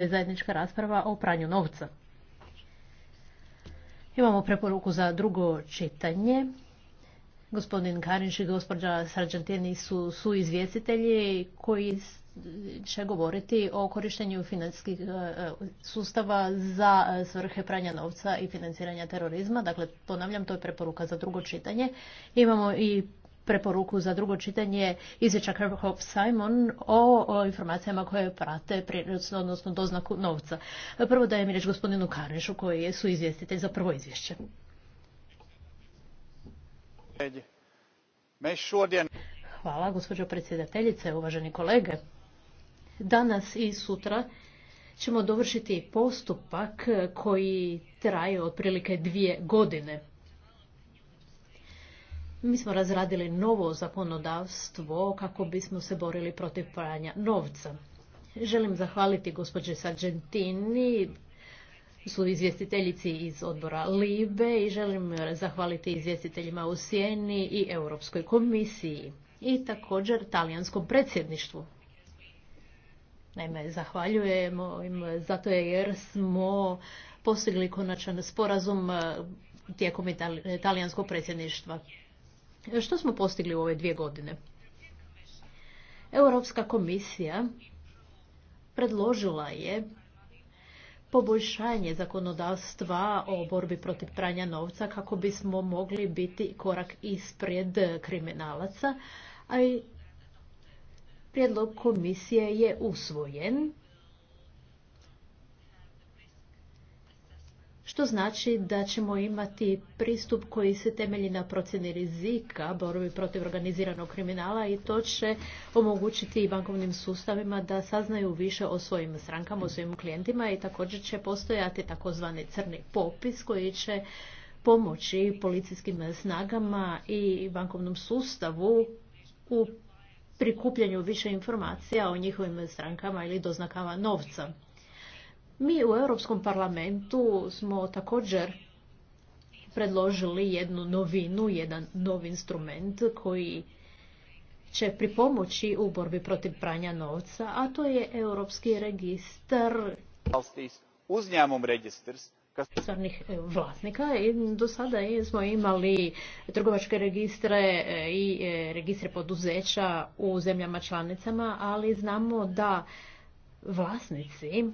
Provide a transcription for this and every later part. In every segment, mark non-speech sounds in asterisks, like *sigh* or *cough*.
zajednička rasprava o pranju novca. Imamo preporuku za drugo čitanje. Gospodin Karinš i gospođa Sargentini su, su izvjestitelji koji će govoriti o korištenju financijskih e, sustava za svrhe pranja novca i financiranja terorizma. Dakle, ponavljam, to je preporuka za drugo čitanje. Imamo i preporuku za drugo čitanje izvješća Simon o, informacijama koje prate prirodno, odnosno doznaku novca. Prvo dajem riječ gospodinu Karešu koji je su izvjestitelj za prvo izvješće. Hvala gospođo predsjedateljice, uvaženi kolege. Danas i sutra ćemo dovršiti postupak koji traje otprilike dvije godine. Mi smo razradili novo zakonodavstvo kako bismo se borili protiv pranja novca. Želim zahvaliti gospođe Sargentini, su izvjestiteljici iz odbora LIBE i želim zahvaliti izvjestiteljima u Sjeni i Europskoj komisiji i također talijanskom predsjedništvu. Naime, zahvaljujemo im zato jer smo postigli konačan sporazum tijekom talijanskog predsjedništva. Što smo postigli u ove dvije godine? Europska komisija predložila je poboljšanje zakonodavstva o borbi protiv pranja novca kako bismo mogli biti korak ispred kriminalaca, a i prijedlog komisije je usvojen što znači da ćemo imati pristup koji se temelji na procjeni rizika borbi protiv organiziranog kriminala i to će omogućiti i bankovnim sustavima da saznaju više o svojim strankama, o svojim klijentima i također će postojati takozvani crni popis koji će pomoći policijskim snagama i bankovnom sustavu u prikupljanju više informacija o njihovim strankama ili doznakama novca. Mi u Europskom parlamentu smo također predložili jednu novinu, jedan nov instrument koji će pripomoći u borbi protiv pranja novca, a to je Europski registar stvarnih e, vlasnika. Do sada smo imali trgovačke registre i e, registre poduzeća u zemljama članicama, ali znamo da vlasnici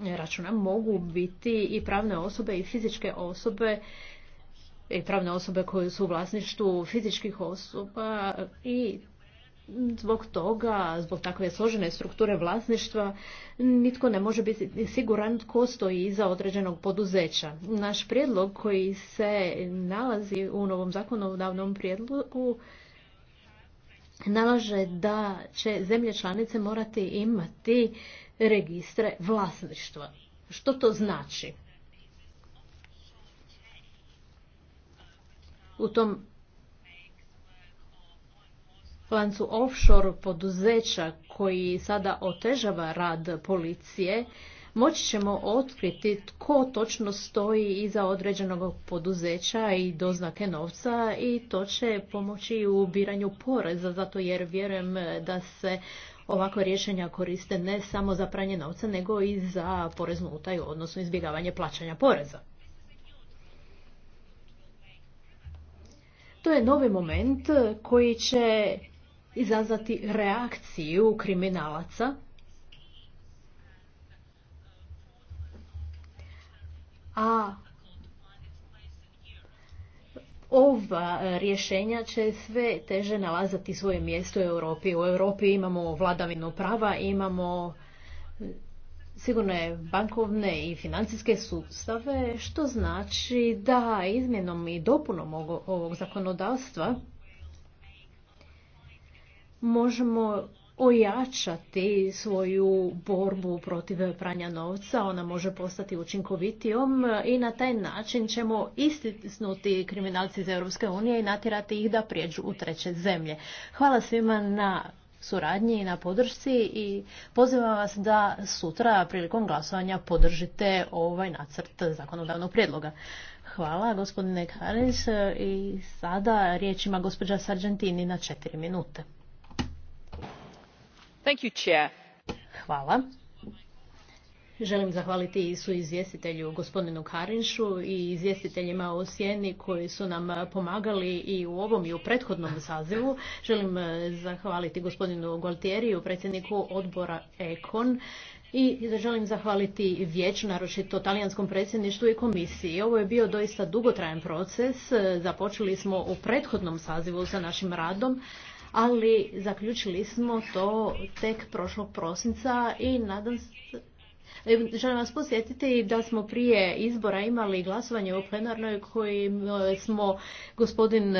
računa mogu biti i pravne osobe i fizičke osobe i pravne osobe koje su u vlasništvu fizičkih osoba i zbog toga, zbog takve složene strukture vlasništva, nitko ne može biti siguran tko stoji iza određenog poduzeća. Naš prijedlog koji se nalazi u novom zakonodavnom prijedlogu nalaže da će zemlje članice morati imati registre vlasništva. Što to znači? U tom lancu offshore poduzeća koji sada otežava rad policije, moći ćemo otkriti tko točno stoji iza određenog poduzeća i doznake novca i to će pomoći u ubiranju poreza, zato jer vjerujem da se ovakva rješenja koriste ne samo za pranje novca, nego i za poreznu utaju, odnosno izbjegavanje plaćanja poreza. To je novi moment koji će izazvati reakciju kriminalaca. A ova e, rješenja će sve teže nalazati svoje mjesto u Europi. U Europi imamo vladavinu prava, imamo e, sigurne bankovne i financijske sustave, što znači da izmjenom i dopunom ovog zakonodavstva možemo ojačati svoju borbu protiv pranja novca, ona može postati učinkovitijom i na taj način ćemo istisnuti kriminalci iz Europske unije i natjerati ih da prijeđu u treće zemlje. Hvala svima na suradnji i na podršci i pozivam vas da sutra prilikom glasovanja podržite ovaj nacrt zakonodavnog prijedloga. Hvala gospodine Karins i sada riječ ima gospođa Sargentini na četiri minute. Hvala. Želim zahvaliti i su izvjestitelju gospodinu Karinšu i izvjestiteljima u Sjeni koji su nam pomagali i u ovom i u prethodnom sazivu. Želim e, zahvaliti gospodinu Gualtieriju, predsjedniku odbora ECON i želim zahvaliti vijeću, naročito talijanskom predsjedništvu i komisiji. Ovo je bio doista dugotrajan proces. Započeli smo u prethodnom sazivu sa našim radom ali zaključili smo to tek prošlog prosinca i nadam se Želim vas posjetiti da smo prije izbora imali glasovanje u plenarnoj kojim e, smo gospodin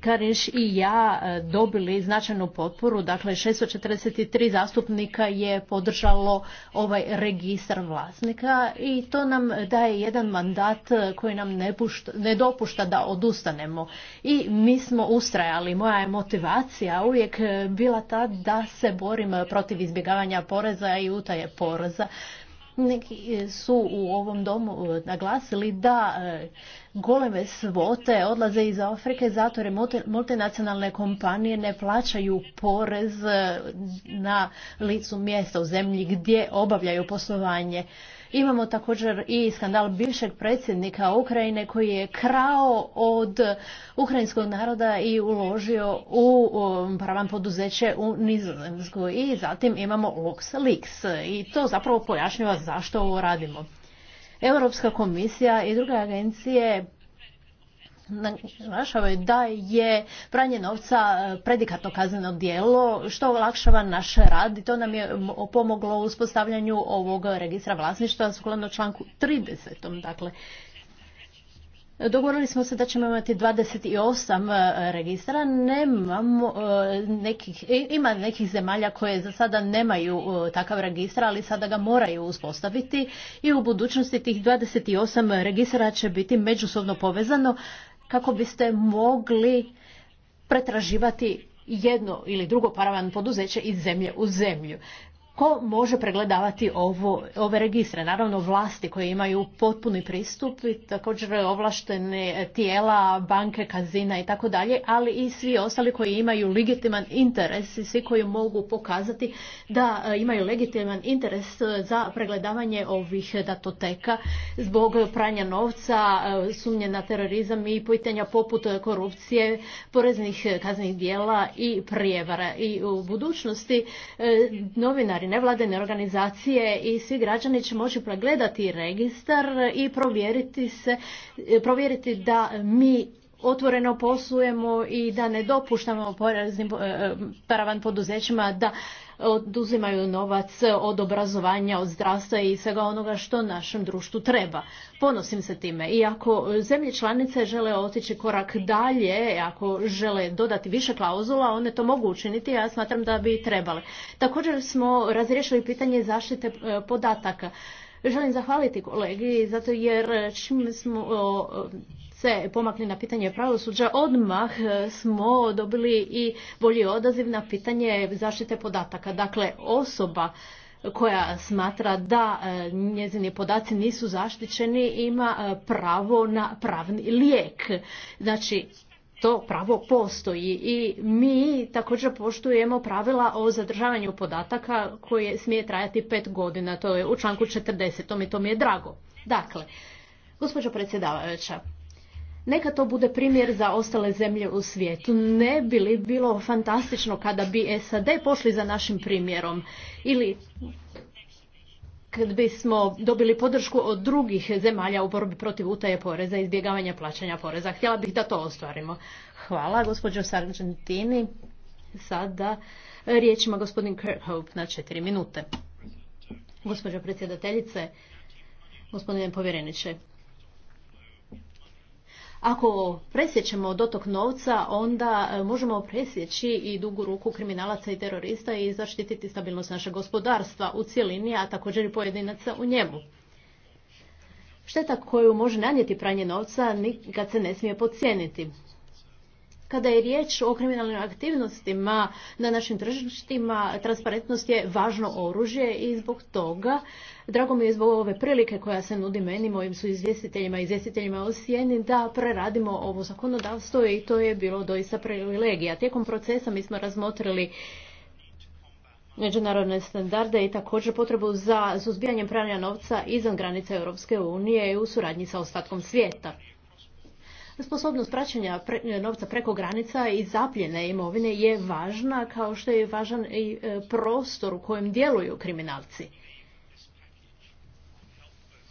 Kariš i ja e, dobili značajnu potporu, dakle 643 zastupnika je podržalo ovaj registar vlasnika i to nam daje jedan mandat e, koji nam ne, ne dopušta da odustanemo. I mi smo ustrajali, moja je motivacija uvijek e, bila ta da se borim protiv izbjegavanja poreza i utaje poreza neki e, su u ovom domu e, naglasili da e, goleme svote odlaze iz Afrike zato jer multinacionalne kompanije ne plaćaju porez na licu mjesta u zemlji gdje obavljaju poslovanje. Imamo također i skandal bivšeg predsjednika Ukrajine koji je krao od ukrajinskog naroda i uložio u pravan poduzeće u Nizozemskoj. I zatim imamo LuxLeaks i to zapravo pojašnjava zašto ovo radimo. Europska komisija i druge agencije je da je pranje novca e, predikatno kazneno djelo što olakšava naš rad i to nam je pomoglo u uspostavljanju ovog registra vlasništva sukladno članku 30. Dakle, Dogovorili smo se da ćemo imati 28 e, registra, nemamo e, nekih, ima nekih zemalja koje za sada nemaju takav registar ali sada ga moraju uspostaviti i u budućnosti tih 28 registra će biti međusobno povezano kako biste mogli pretraživati jedno ili drugo paravan poduzeće iz zemlje u zemlju ko može pregledavati ovo, ove registre? Naravno vlasti koje imaju potpuni pristup i također ovlaštene tijela, banke, kazina i tako dalje, ali i svi ostali koji imaju legitiman interes i svi koji mogu pokazati da e, imaju legitiman interes e, za pregledavanje ovih datoteka zbog pranja novca, e, sumnje na terorizam i pitanja poput korupcije, poreznih kaznih dijela i prijevara. I u budućnosti novinari novinari, nevladene organizacije i svi građani će moći pregledati registar i provjeriti, se, provjeriti da mi otvoreno poslujemo i da ne dopuštamo poreznim eh, eh, paravan poduzećima da oduzimaju novac od obrazovanja, od zdravstva i svega onoga što našem društvu treba. Ponosim se time. I ako zemlje članice žele otići korak dalje, ako žele dodati više klauzula, one to mogu učiniti, ja smatram da bi trebale. Također smo razriješili pitanje zaštite e, podataka. Želim zahvaliti kolegi zato jer čim smo se pomakli na pitanje pravosuđa, odmah e, smo dobili i bolji odaziv na pitanje zaštite podataka. Dakle, osoba koja smatra da e, njezini podaci nisu zaštićeni ima e, pravo na pravni lijek. Znači, to pravo postoji i mi također poštujemo pravila o zadržavanju podataka koje smije trajati pet godina. To je u članku 40. To mi, to mi je drago. Dakle, gospođo predsjedavajuća, neka to bude primjer za ostale zemlje u svijetu. Ne bi li bilo fantastično kada bi SAD pošli za našim primjerom ili kad bismo dobili podršku od drugih zemalja u borbi protiv utaje poreza i izbjegavanja plaćanja poreza. Htjela bih da to ostvarimo. Hvala, gospođo Sargentini. Sada riječ ima gospodin Kirkhope na četiri minute. Gospođo predsjedateljice, gospodine povjereniče, ako presjećemo dotok novca, onda e, možemo presjeći i dugu ruku kriminalaca i terorista i zaštititi stabilnost našeg gospodarstva u cijelini, a također i pojedinaca u njemu. Šteta koju može nanijeti pranje novca nikad se ne smije podcijeniti. Kada je riječ o kriminalnim aktivnostima na našim tržištima, transparentnost je važno oružje i zbog toga Drago mi je zbog ove prilike koja se nudi meni, mojim su izvjestiteljima i izvjestiteljima u Sijeni, da preradimo ovo zakonodavstvo i to je bilo doista privilegija. Tijekom procesa mi smo razmotrili međunarodne standarde i također potrebu za suzbijanjem pranja novca izvan granica Europske unije i u suradnji sa ostatkom svijeta. Sposobnost praćenja e, novca preko granica i zapljene imovine je važna kao što je važan i e, prostor u kojem djeluju kriminalci.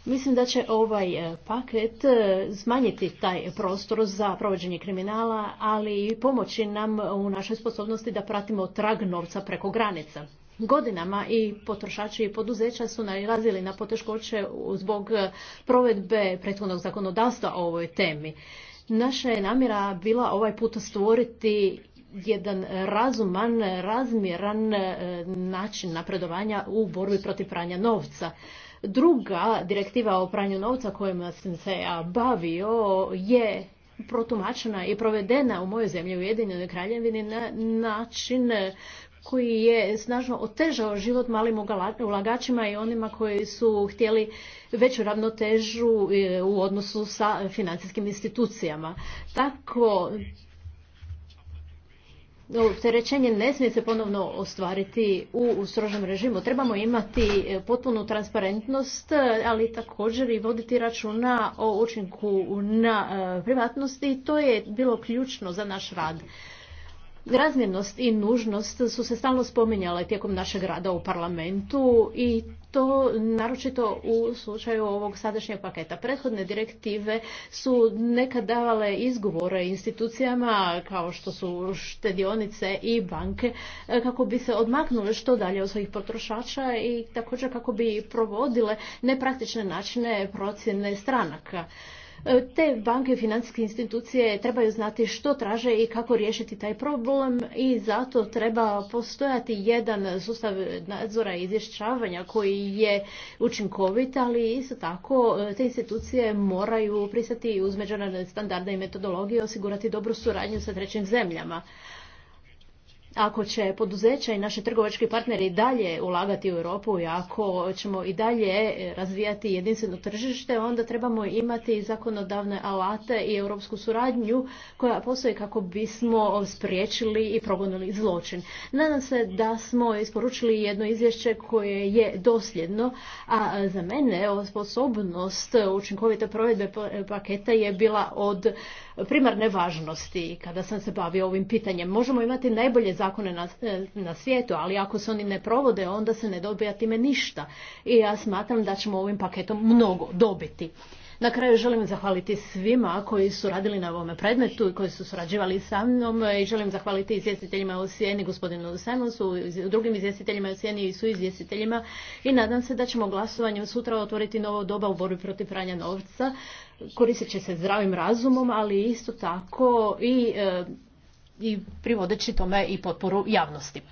Mislim da će ovaj e, paket smanjiti taj prostor za provođenje kriminala, ali i pomoći nam u našoj sposobnosti da pratimo trag novca preko granica. Godinama i potrošači i poduzeća su nalazili na poteškoće zbog provedbe prethodnog zakonodavstva o ovoj temi. Naša je namjera bila ovaj put stvoriti jedan razuman, razmjeran e, način napredovanja u borbi protiv pranja novca. Druga direktiva o pranju novca kojima sam se ja bavio je protumačena i provedena u mojoj zemlji Ujedinjenoj kraljevini na način koji je snažno otežao život malim ulagačima i onima koji su htjeli veću ravnotežu e, u odnosu sa financijskim institucijama. Tako opterećenje ne smije se ponovno ostvariti u strožem režimu. Trebamo imati e, potpunu transparentnost, ali također i voditi računa o učinku na e, privatnosti i to je bilo ključno za naš rad. Razmjernost i nužnost su se stalno spominjale tijekom našeg rada u parlamentu i to naročito u slučaju ovog sadašnjeg paketa. Prethodne direktive su nekad davale izgovore institucijama kao što su štedionice i banke kako bi se odmaknule što dalje od svojih potrošača i također kako bi provodile nepraktične načine procjene stranaka. E, te banke i financijske institucije trebaju znati što traže i kako riješiti taj problem i zato treba postojati jedan sustav nadzora i izvješćavanja koji je učinkovit, ali isto tako e, te institucije moraju pristati uz međunarodne standarde i metodologije osigurati dobru suradnju sa trećim zemljama ako će poduzeća i naši trgovački partneri dalje ulagati u Europu i ako ćemo i dalje e, razvijati jedinstveno tržište, onda trebamo imati zakonodavne alate i europsku suradnju koja postoji kako bismo spriječili i progonili zločin. Nadam se da smo isporučili jedno izvješće koje je dosljedno, a e, za mene sposobnost učinkovite provedbe paketa je bila od primarne važnosti kada sam se bavio ovim pitanjem. Možemo imati najbolje zakone na, na svijetu, ali ako se oni ne provode, onda se ne dobija time ništa. I ja smatram da ćemo ovim paketom mnogo dobiti. Na kraju želim zahvaliti svima koji su radili na ovome predmetu i koji su surađivali sa mnom e, i želim zahvaliti izvjestiteljima u Sijeni, gospodinu Simonsu, drugim izvjestiteljima u i su izvjestiteljima i nadam se da ćemo glasovanjem sutra otvoriti novo doba u borbi protiv pranja novca. Koristit će se zdravim razumom, ali isto tako i, e, i privodeći tome i potporu javnosti.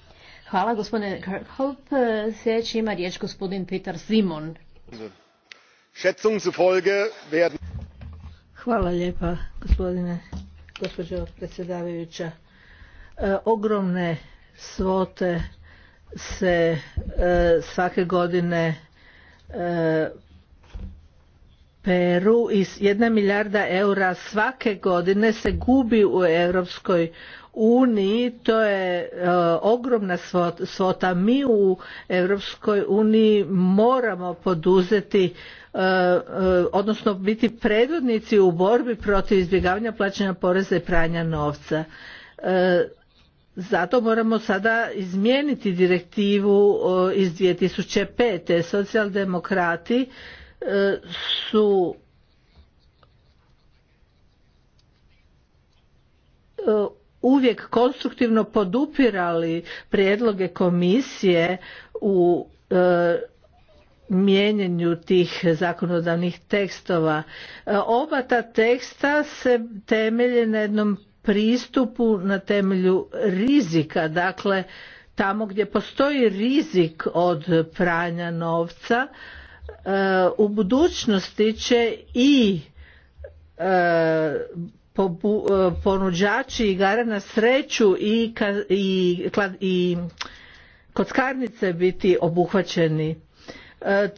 Hvala gospodine Kirkhope. Sljedeći ima riječ gospodin Peter Simon. Schätzungen zufolge werden... Hvala lijepa, gospodine, gospođo predsjedavajuća. E, ogromne svote se e, svake godine e, peru i jedna milijarda eura svake godine se gubi u Europskoj uniji to je e, ogromna svota mi u europskoj uniji moramo poduzeti e, e, odnosno biti predvodnici u borbi protiv izbjegavanja plaćanja poreza i pranja novca zato moramo sada izmijeniti direktivu iz 2005. socijaldemokrati su uvijek konstruktivno podupirali prijedloge komisije u e, mijenjanju tih zakonodavnih tekstova. E, oba ta teksta se temelje na jednom pristupu na temelju rizika, dakle tamo gdje postoji rizik od pranja novca, e, u budućnosti će i E, ponuđači igara na sreću i, i, i kockarnice biti obuhvaćeni e,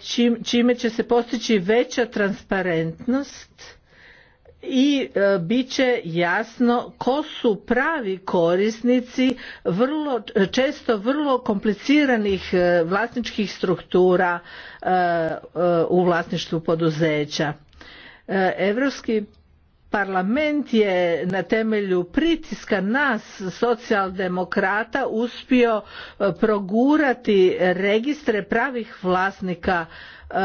čime će se postići veća transparentnost i e, bit će jasno ko su pravi korisnici vrlo, često vrlo kompliciranih vlasničkih struktura u vlasništvu poduzeća. Europski parlament je na temelju pritiska nas socijaldemokrata uspio e, progurati registre pravih vlasnika e,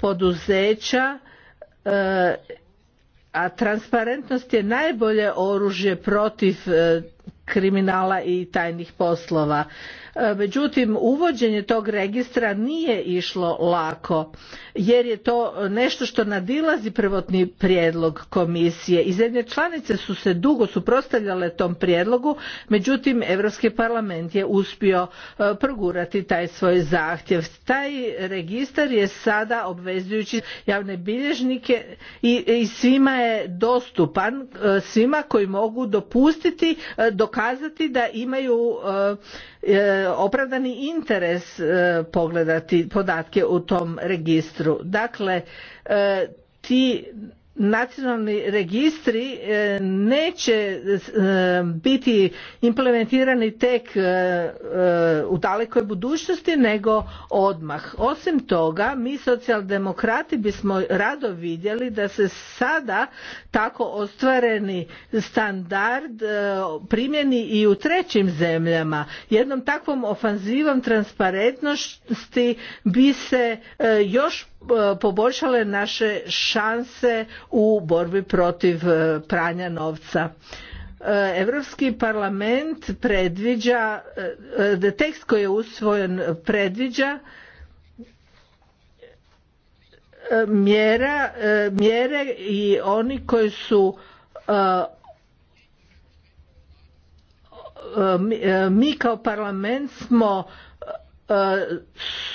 poduzeća e, a transparentnost je najbolje oružje protiv kriminala i tajnih poslova E, međutim uvođenje tog registra nije išlo lako jer je to nešto što nadilazi prvotni prijedlog komisije i zemlje članice su se dugo suprotstavljale tom prijedlogu međutim europski parlament je uspio e, progurati taj svoj zahtjev taj registar je sada obvezujući javne bilježnike i svima je dostupan e, svima koji mogu dopustiti dokazati da imaju E, opravdani interes e, pogledati podatke u tom registru. Dakle, e, ti nacionalni registri e, neće e, biti implementirani tek e, u dalekoj budućnosti nego odmah. Osim toga, mi socijaldemokrati bismo rado vidjeli da se sada tako ostvareni standard primjeni i u trećim zemljama. Jednom takvom ofanzivom transparentnosti bi se još poboljšale naše šanse u borbi protiv e, pranja novca. Europski parlament predviđa, e, e, tekst koji je usvojen predviđa mjera, mjere i oni koji su mi kao parlament smo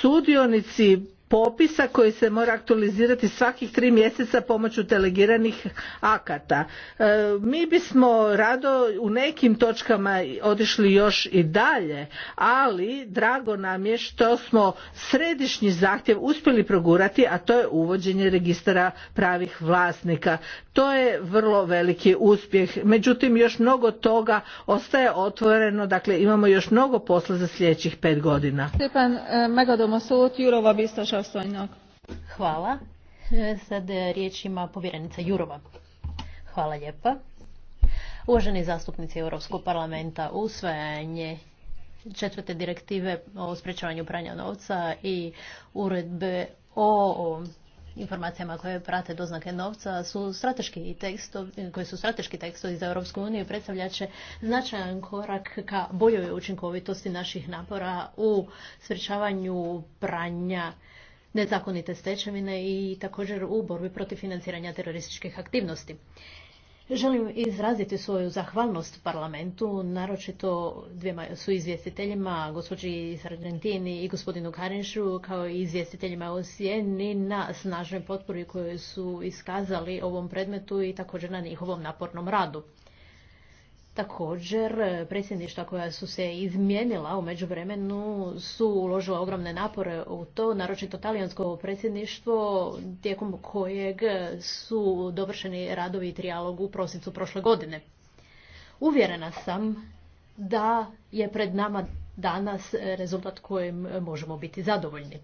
sudionici popisa koji se mora aktualizirati svakih tri mjeseca pomoću delegiranih akata. E, mi bismo rado u nekim točkama otišli još i dalje, ali drago nam je što smo središnji zahtjev uspjeli progurati, a to je uvođenje registara pravih vlasnika. To je vrlo veliki uspjeh. Međutim, još mnogo toga ostaje otvoreno, dakle imamo još mnogo posla za sljedećih pet godina. E, vjerodostojnog. Hvala. E, sad e, riječ ima povjerenica Jurova. Hvala lijepa. Uvaženi zastupnici Europskog parlamenta, usvajanje četvrte direktive o sprečavanju pranja novca i uredbe o informacijama koje prate doznake novca su strateški tekstovi, koji su strateški tekstovi za Europske unije, predstavljat će značajan korak ka boljoj učinkovitosti naših napora u sprečavanju pranja nezakonite stečevine i također u borbi protiv financiranja terorističkih aktivnosti. Želim izraziti svoju zahvalnost parlamentu, naročito dvijema su izvjestiteljima, gospođi Argentini i gospodinu Karinšu, kao i izvjestiteljima u na snažnoj potpori koju su iskazali ovom predmetu i također na njihovom napornom radu. Također, predsjedništva koja su se izmijenila u međuvremenu su uložila ogromne napore u to, naročito talijansko predsjedništvo, tijekom kojeg su dovršeni radovi i trijalog u prosincu prošle godine. Uvjerena sam da je pred nama danas rezultat kojim možemo biti zadovoljni.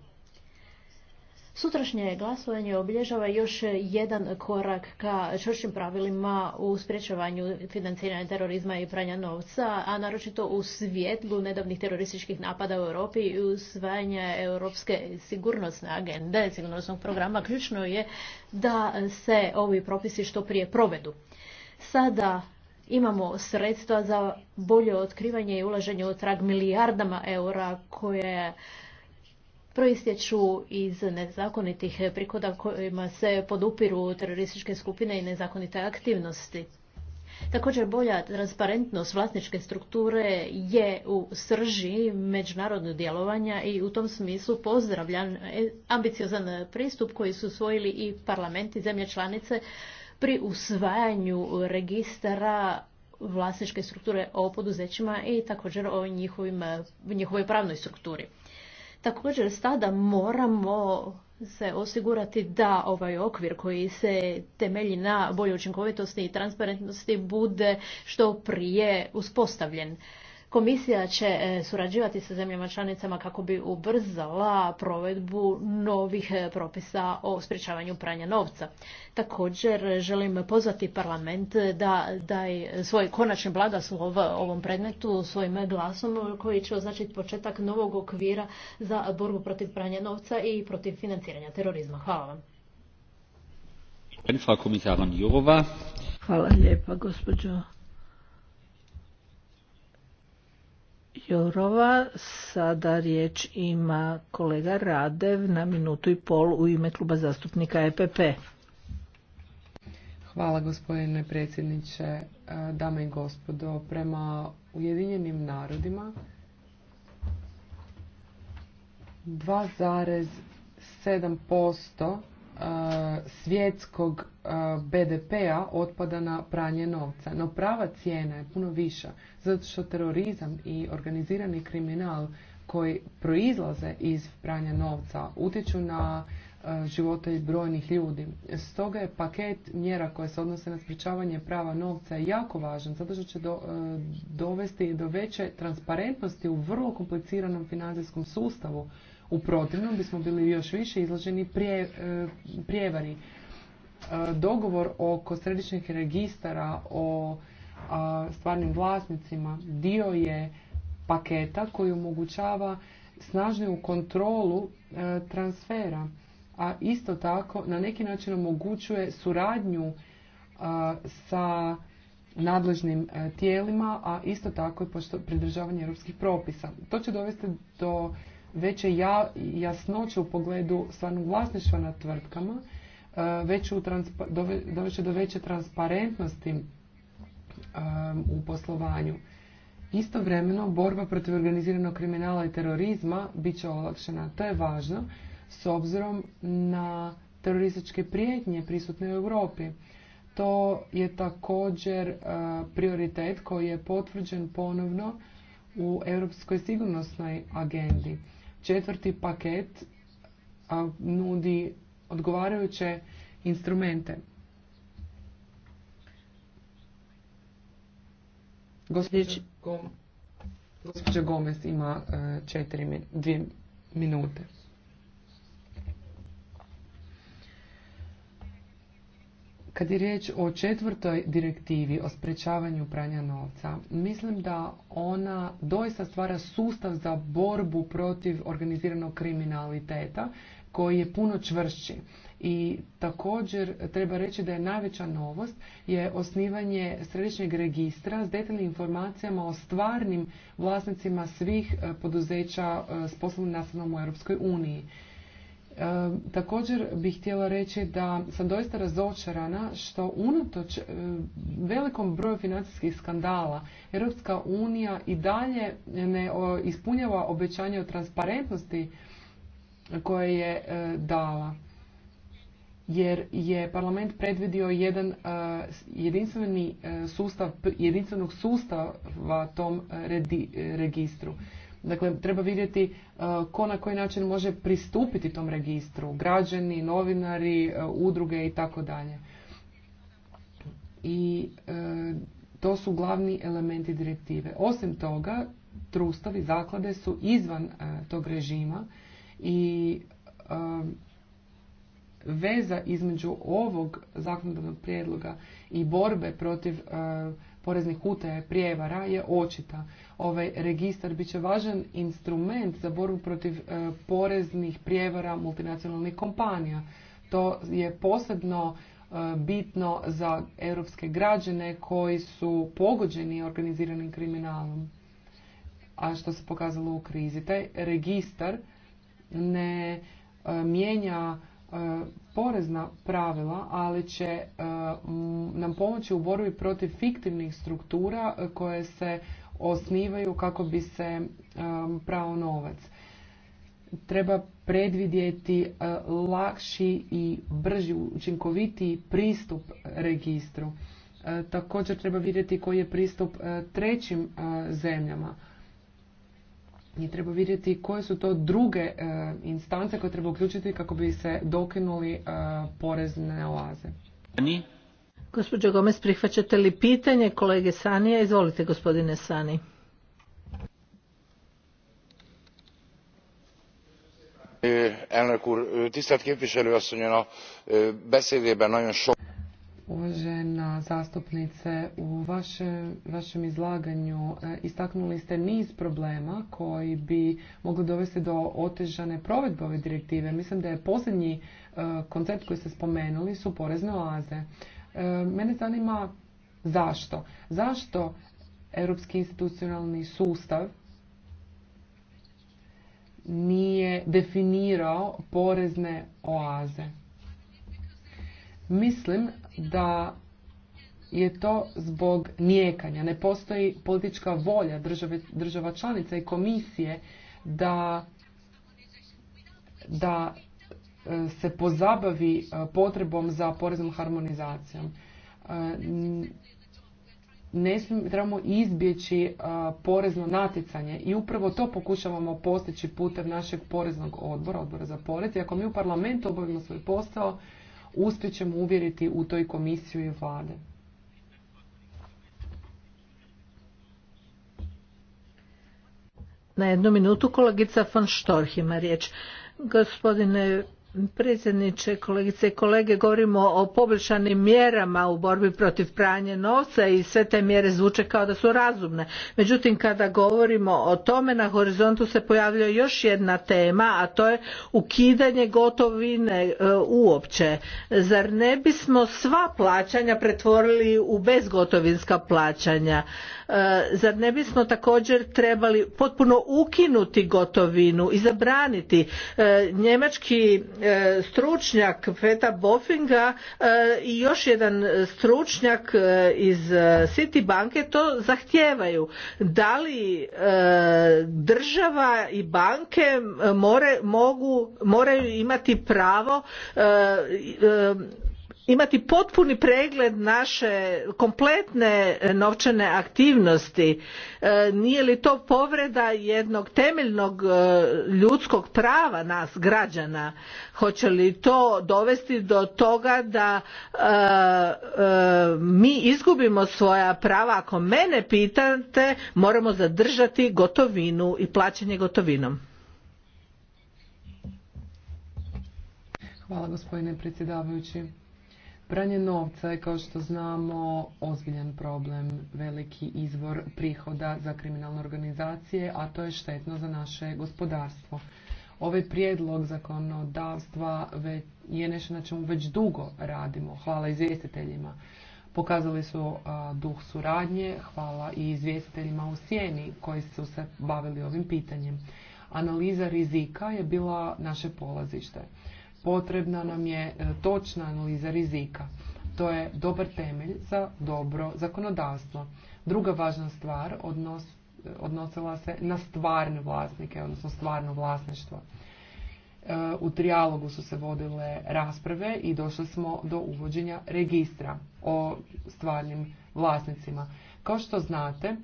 Sutrašnje glasovanje obilježava još jedan korak ka čvršim pravilima u sprječavanju financiranja terorizma i pranja novca, a naročito u svijetlu nedavnih terorističkih napada u Europi i usvajanje europske sigurnosne agende, sigurnosnog programa, ključno je da se ovi propisi što prije provedu. Sada imamo sredstva za bolje otkrivanje i ulaženje u trag milijardama eura koje proistječu iz nezakonitih prihoda kojima se podupiru terorističke skupine i nezakonite aktivnosti. Također bolja transparentnost vlasničke strukture je u srži međunarodnog djelovanja i u tom smislu pozdravljan ambiciozan pristup koji su usvojili i parlamenti zemlje članice pri usvajanju registara vlasničke strukture o poduzećima i također o njihovoj pravnoj strukturi. Također sada moramo se osigurati da ovaj okvir koji se temelji na boljoj učinkovitosti i transparentnosti bude što prije uspostavljen. Komisija će e, surađivati sa zemljama članicama kako bi ubrzala provedbu novih e, propisa o sprječavanju pranja novca. Također e, želim pozvati parlament da daj svoj konačni blagoslov ovom predmetu svojim glasom koji će označiti početak novog okvira za borbu protiv pranja novca i protiv financiranja terorizma. Hvala vam. Hvala Jorova. Sada riječ ima kolega Radev na minutu i pol u ime kluba zastupnika EPP. Hvala gospodine predsjedniče, e, dame i gospodo. Prema Ujedinjenim narodima 2,7% E, svjetskog e, BDP-a otpada na pranje novca. No prava cijena je puno viša, zato što terorizam i organizirani kriminal koji proizlaze iz pranja novca utječu na e, živote brojnih ljudi. Stoga je paket mjera koje se odnose na sprječavanje prava novca jako važan, zato što će dovesti do veće transparentnosti u vrlo kompliciranom financijskom sustavu u protivnom bismo bili još više izloženi e, prijevari. E, dogovor oko središnjih registara o stvarnim vlasnicima dio je paketa koji omogućava snažniju kontrolu e, transfera, a isto tako na neki način omogućuje suradnju sa nadležnim tijelima, a isto tako i pridržavanje europskih propisa. To će dovesti do veće ja, jasnoće u pogledu stvarnog vlasništva nad tvrtkama, e, veću, doveće do veće transparentnosti e, u poslovanju. Istovremeno, borba protiv organiziranog kriminala i terorizma bit će olakšena. To je važno s obzirom na terorističke prijetnje prisutne u Europi. To je također e, prioritet koji je potvrđen ponovno u Europskoj sigurnosnoj agendi. Četvrti paket a nudi odgovarajuće instrumente. Gospođa Gomez ima e, četiri, dvije minute. Kad je riječ o četvrtoj direktivi o sprečavanju pranja novca, mislim da ona doista stvara sustav za borbu protiv organiziranog kriminaliteta koji je puno čvršći. I također treba reći da je najveća novost je osnivanje središnjeg registra s detaljnim informacijama o stvarnim vlasnicima svih eh, poduzeća eh, s poslovnim nastavnom u Europskoj uniji. E, također bih htjela reći da sam doista razočarana što unatoč e, velikom broju financijskih skandala Europska unija i dalje ne ispunjava obećanje o transparentnosti koje je e, dala. Jer je parlament predvidio jedan jedinstveni sustav, jedinstvenog sustava tom registru. Dakle, treba vidjeti e, ko na koji način može pristupiti tom registru, građani, novinari, e, udruge i tako dalje. I e, to su glavni elementi direktive. Osim toga, trustavi, zaklade su izvan tog režima i veza između ovog zakonodavnog prijedloga i borbe protiv poreznih utaja i prijevara je očita. Ovaj registar bit će važan instrument za borbu protiv e, poreznih prijevara multinacionalnih kompanija. To je posebno e, bitno za europske građane koji su pogođeni organiziranim kriminalom. A što se pokazalo u krizi. Taj registar ne e, mijenja E, porezna pravila, ali će e, nam pomoći u borbi protiv fiktivnih struktura e, koje se osnivaju kako bi se prao novac. Treba predvidjeti lakši i brži, učinkovitiji pristup registru. Također treba vidjeti koji je pristup trećim zemljama i treba vidjeti koje su to druge e, instance koje treba uključiti kako bi se dokinuli e, porezne oaze. Gospođo Gomez, prihvaćate li pitanje kolege Sanija? Izvolite gospodine Sani. Elnök úr, tisztelt képviselő Uvažena zastupnice, u vašem izlaganju e, istaknuli ste niz problema koji bi mogli dovesti do otežane provedbe ove direktive. Mislim da je posljednji e, koncept koji ste spomenuli su porezne oaze. E, mene zanima zašto. Zašto europski institucionalni sustav nije definirao porezne oaze? Mislim da je to zbog nijekanja. Ne postoji politička volja države, država članica i komisije da, da e, se pozabavi e, potrebom za poreznom harmonizacijom. E, ne trebamo izbjeći porezno natjecanje i upravo to pokušavamo postići putem našeg poreznog odbora, odbora za porez. I ako mi u parlamentu obavimo svoj posao, uspjećemo uvjeriti u toj komisiju i vlade. Na jednu minutu kolegica von Storch ima riječ. Gospodine predsjedniče, kolegice i kolege, govorimo o poboljšanim mjerama u borbi protiv pranja novca i sve te mjere zvuče kao da su razumne. Međutim, kada govorimo o tome, na horizontu se pojavljuje još jedna tema, a to je ukidanje gotovine e, uopće. Zar ne bismo sva plaćanja pretvorili u bezgotovinska plaćanja? E, zar ne bismo također trebali potpuno ukinuti gotovinu i zabraniti e, njemački E, stručnjak Feta Bofinga e, i još jedan stručnjak e, iz City banke to zahtijevaju. Da li država i banke more, mogu, moraju imati pravo imati potpuni pregled naše kompletne novčane aktivnosti e, nije li to povreda jednog temeljnog e, ljudskog prava nas građana hoće li to dovesti do toga da e, mi izgubimo svoja prava ako mene pitate moramo zadržati gotovinu i plaćanje gotovinom Hvala gospodine predsjedavajući. Pranje novca je, kao što znamo, ozbiljan problem, veliki izvor prihoda za kriminalne organizacije, a to je štetno za naše gospodarstvo. Ovaj prijedlog zakonodavstva je nešto na čemu već dugo radimo. Hvala izvjestiteljima. Pokazali su duh suradnje, hvala i izvjestiteljima u sjeni koji su se bavili ovim pitanjem. Analiza rizika je bila naše polazište potrebna nam je e, točna analiza rizika. To je dobar temelj za dobro zakonodavstvo. Druga važna stvar odnos, e, odnosila se na stvarne vlasnike, odnosno stvarno vlasništvo. E, u trijalogu su se vodile rasprave i došli smo do uvođenja registra o stvarnim vlasnicima. Kao što znate,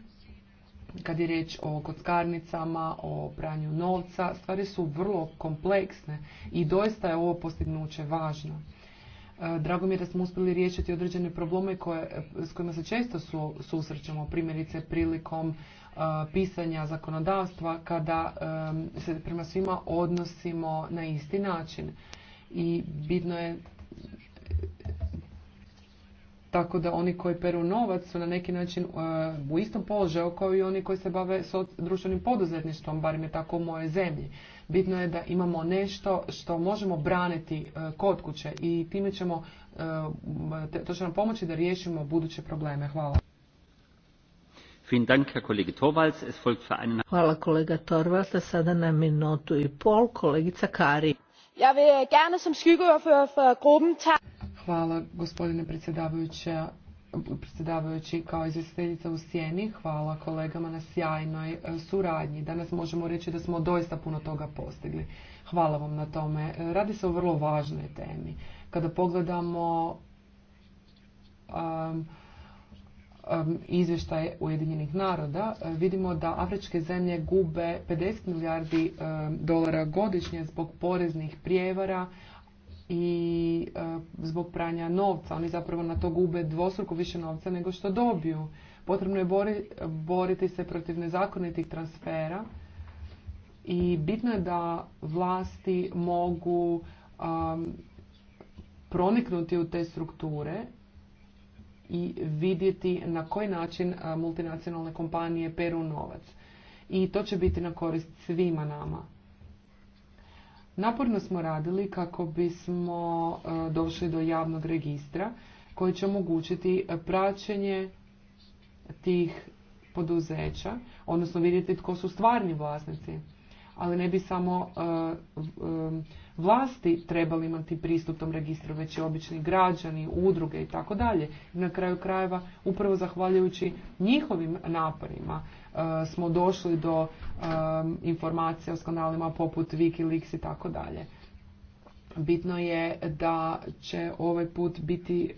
kad je riječ o kockarnicama, o pranju novca, stvari su vrlo kompleksne i doista je ovo postignuće važno. E, drago mi je da smo uspjeli riješiti određene probleme koje, s kojima se često su, susrećemo, primjerice prilikom e, pisanja zakonodavstva kada se prema svima odnosimo na isti način. I bitno je tako da oni koji peru novac su na neki način e, u istom položaju kao i oni koji se bave s društvenim poduzetništvom, barem je tako u mojoj zemlji. Bitno je da imamo nešto što možemo braniti e, kod kuće i time ćemo, e, to će nam pomoći da riješimo buduće probleme. Hvala. Hvala kolega Torvalds. Sada na minutu i pol kolegica Kari. Ja bih eh, gerne som for gruppen Hvala gospodine predsjedavajući kao izvjestiteljica u sjeni. Hvala kolegama na sjajnoj e, suradnji. Danas možemo reći da smo doista puno toga postigli. Hvala vam na tome. E, radi se o vrlo važnoj temi. Kada pogledamo izvještaj Ujedinjenih naroda, e, vidimo da afričke zemlje gube 50 milijardi dolara godišnje zbog poreznih prijevara, i e, zbog pranja novca. Oni zapravo na to gube dvostruko više novca nego što dobiju. Potrebno je boriti se protiv nezakonitih transfera i bitno je da vlasti mogu proniknuti u te strukture i vidjeti na koji način multinacionalne kompanije peru novac. I to će biti na korist svima nama. Naporno smo radili kako bismo e, došli do javnog registra koji će omogućiti e, praćenje tih poduzeća, odnosno vidjeti tko su stvarni vlasnici. Ali ne bi samo e, vlasti trebali imati pristup tom registru, već i obični građani, udruge i tako dalje. Na kraju krajeva, upravo zahvaljujući njihovim naporima, Eh, smo došli do eh, informacija o skandalima poput Wikileaks i tako dalje. Bitno je da će ovaj put biti,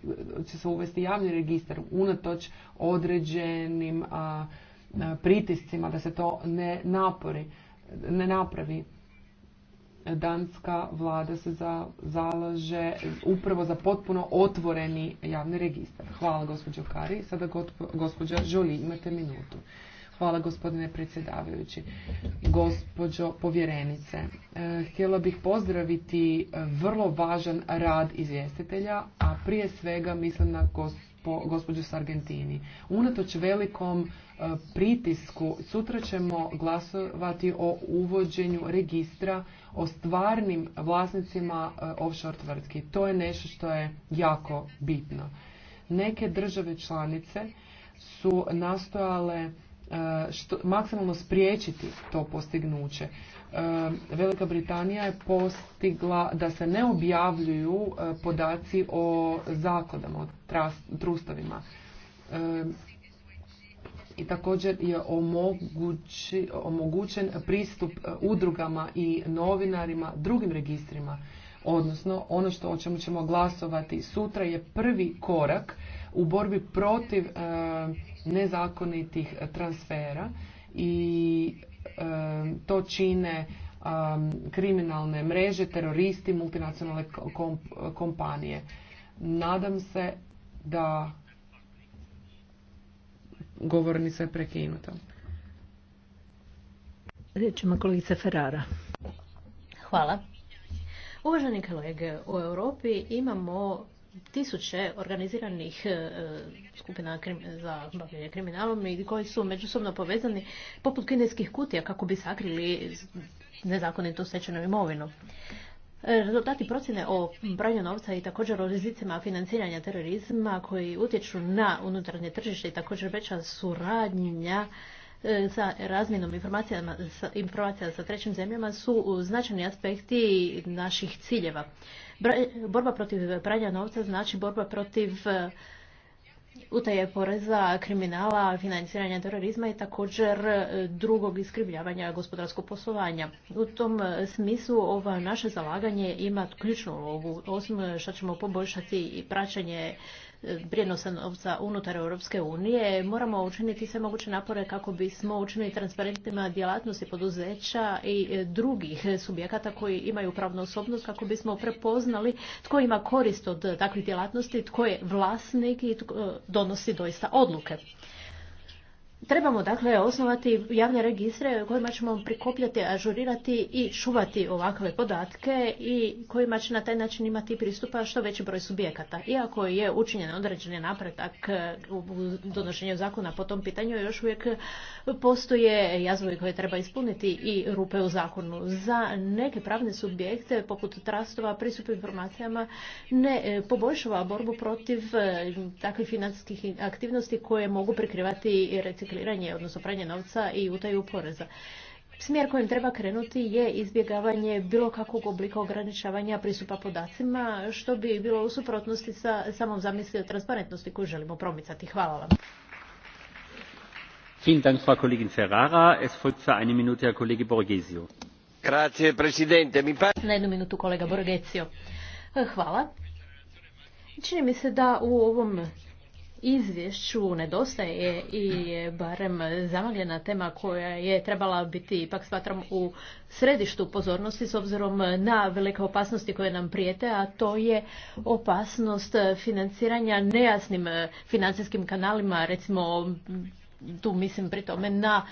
će se uvesti javni registar unatoč određenim eh, pritiscima da se to ne napori, ne napravi. Danska vlada se zalaže upravo za potpuno otvoreni javni registar. Hvala gospođo Kari. Sada gospođa Žoli, imate minutu. Hvala gospodine predsjedavajući. Gospođo povjerenice, e, htjela bih pozdraviti e, vrlo važan rad izvjestitelja, a prije svega mislim na gospo, gospođu Sargentini. Unatoč velikom e, pritisku sutra ćemo glasovati o uvođenju registra o stvarnim vlasnicima offshore tvrtki. To je nešto što je jako bitno. Neke države članice su nastojale E, što, maksimalno spriječiti to postignuće. E, Velika Britanija je postigla da se ne objavljuju e, podaci o zakladama, o trustovima. I također je omogućen pristup udrugama i novinarima, drugim registrima. Odnosno, ono što o čemu ćemo glasovati sutra je prvi korak u borbi protiv e, nezakonitih transfera i e, to čine e, kriminalne mreže, teroristi, multinacionalne kompanije. Nadam se da govornica je prekinuta. Riječ ima kolegica Ferrara. Hvala. Uvaženi kolege, u Europi imamo tisuće organiziranih e, e, skupina za bavljanje kriminalom i koji su međusobno povezani poput kineskih kutija kako bi sakrili nezakonito stečenu imovinu. E, rezultati procjene o branju novca i također o rizicima financiranja terorizma koji utječu na unutarnje tržište i također veća suradnja sa razmjenom informacijama, informacija sa trećim zemljama su značajni aspekti naših ciljeva. Borba protiv pranja novca znači borba protiv eh, utaje poreza, kriminala, financiranja terorizma i također eh, drugog iskrivljavanja gospodarskog poslovanja. U tom eh, smislu ova naše zalaganje ima ključnu ulogu, osim što ćemo poboljšati i praćenje prijenosa novca unutar Europske unije, moramo učiniti sve moguće napore kako bismo učinili transparentnima djelatnosti poduzeća i e, drugih subjekata koji imaju pravnu osobnost kako bismo prepoznali tko ima korist od takvih djelatnosti, tko je vlasnik i tko e, donosi doista odluke. Trebamo dakle osnovati javne registre u kojima ćemo prikopljati, ažurirati i čuvati ovakve podatke i kojima će na taj način imati pristupa što veći broj subjekata. Iako je učinjen određeni napretak e, u donošenju zakona po tom pitanju, još uvijek postoje jazovi koje treba ispuniti i rupe u zakonu. Za neke pravne subjekte, poput trastova, pristup informacijama ne e, poboljšava borbu protiv e, takvih financijskih aktivnosti koje mogu prikrivati recikliranje, odnosno pranje novca i utaju poreza. Smjer kojim treba krenuti je izbjegavanje bilo kakvog oblika ograničavanja pristupa podacima, što bi bilo u suprotnosti sa samom zamisli o transparentnosti koju želimo promicati. Hvala vam. Pa- Na jednu minutu kolega Borgesio. Hvala. Čini mi se da u ovom izvješću nedostaje i barem zamagljena tema koja je trebala biti ipak smatram u središtu pozornosti s obzirom na velike opasnosti koje nam prijete, a to je opasnost financiranja nejasnim financijskim kanalima, recimo tu mislim pri tome na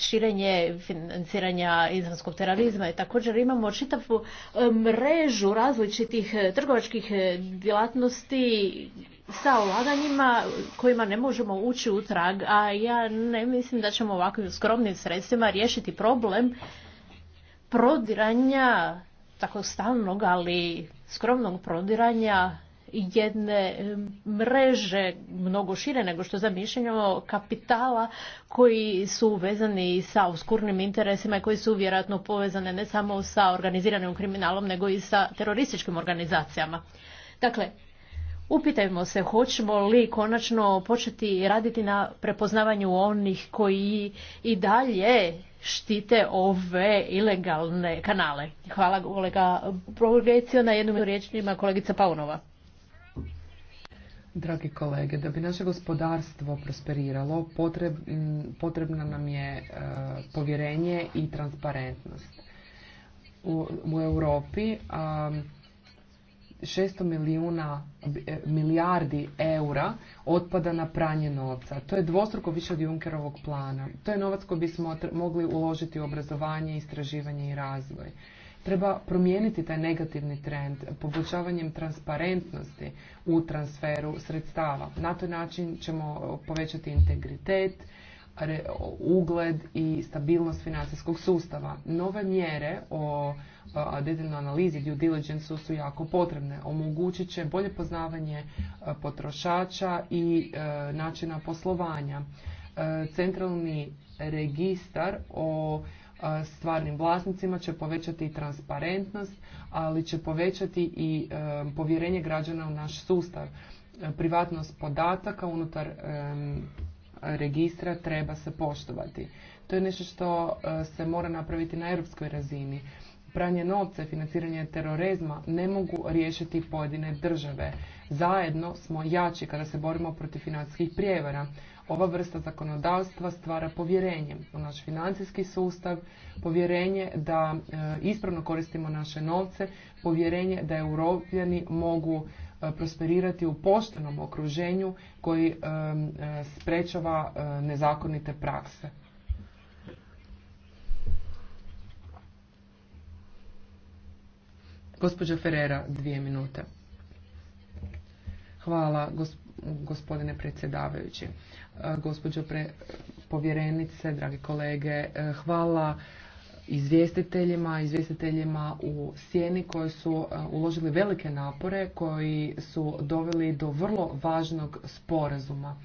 širenje financiranja izranskog terorizma i također imamo čitavu mrežu različitih eh, trgovačkih eh, djelatnosti sa ulaganjima kojima ne možemo ući u trag, a ja ne mislim da ćemo ovakvim skromnim sredstvima riješiti problem prodiranja tako stalnog, ali skromnog prodiranja jedne mreže mnogo šire nego što zamišljamo kapitala koji su vezani sa uskurnim interesima i koji su vjerojatno povezane ne samo sa organiziranim kriminalom nego i sa terorističkim organizacijama. Dakle, upitajmo se hoćemo li konačno početi raditi na prepoznavanju onih koji i dalje štite ove ilegalne kanale. Hvala kolega Progecio na jednom riječnjima kolegica Paunova. Dragi kolege, da bi naše gospodarstvo prosperiralo, potreb, potrebno nam je e, povjerenje i transparentnost. U, u Europi a, 600 milijuna e, milijardi eura otpada na pranje novca. To je dvostruko više od Junkerovog plana. To je novac koji bismo mogli uložiti u obrazovanje, istraživanje i razvoj. Treba promijeniti taj negativni trend poboljšavanjem transparentnosti u transferu sredstava. Na taj način ćemo e, povećati integritet, ugled i stabilnost financijskog sustava. Nove mjere o e, detaljnoj analizi due diligence su jako potrebne. Omogućit će bolje poznavanje e, potrošača i načina poslovanja. Centralni registar o stvarnim vlasnicima će povećati i transparentnost, ali će povećati i e, povjerenje građana u naš sustav. E, privatnost podataka unutar e, registra treba se poštovati. To je nešto što se mora napraviti na europskoj razini. Pranje novca i financiranje terorizma ne mogu riješiti pojedine države. Zajedno smo jači kada se borimo protiv financijskih prijevara, ova vrsta zakonodavstva stvara povjerenje u naš financijski sustav, povjerenje da e, ispravno koristimo naše novce, povjerenje da europljani mogu e, prosperirati u poštenom okruženju koji e, sprečava nezakonite prakse. Gospođa Ferera dvije minute. Hvala, gospodine predsjedavajući gospođo povjerenice, dragi kolege. E, hvala izvjestiteljima, izvjestiteljima u sjeni koji su e, uložili velike napore, koji su doveli do vrlo važnog sporazuma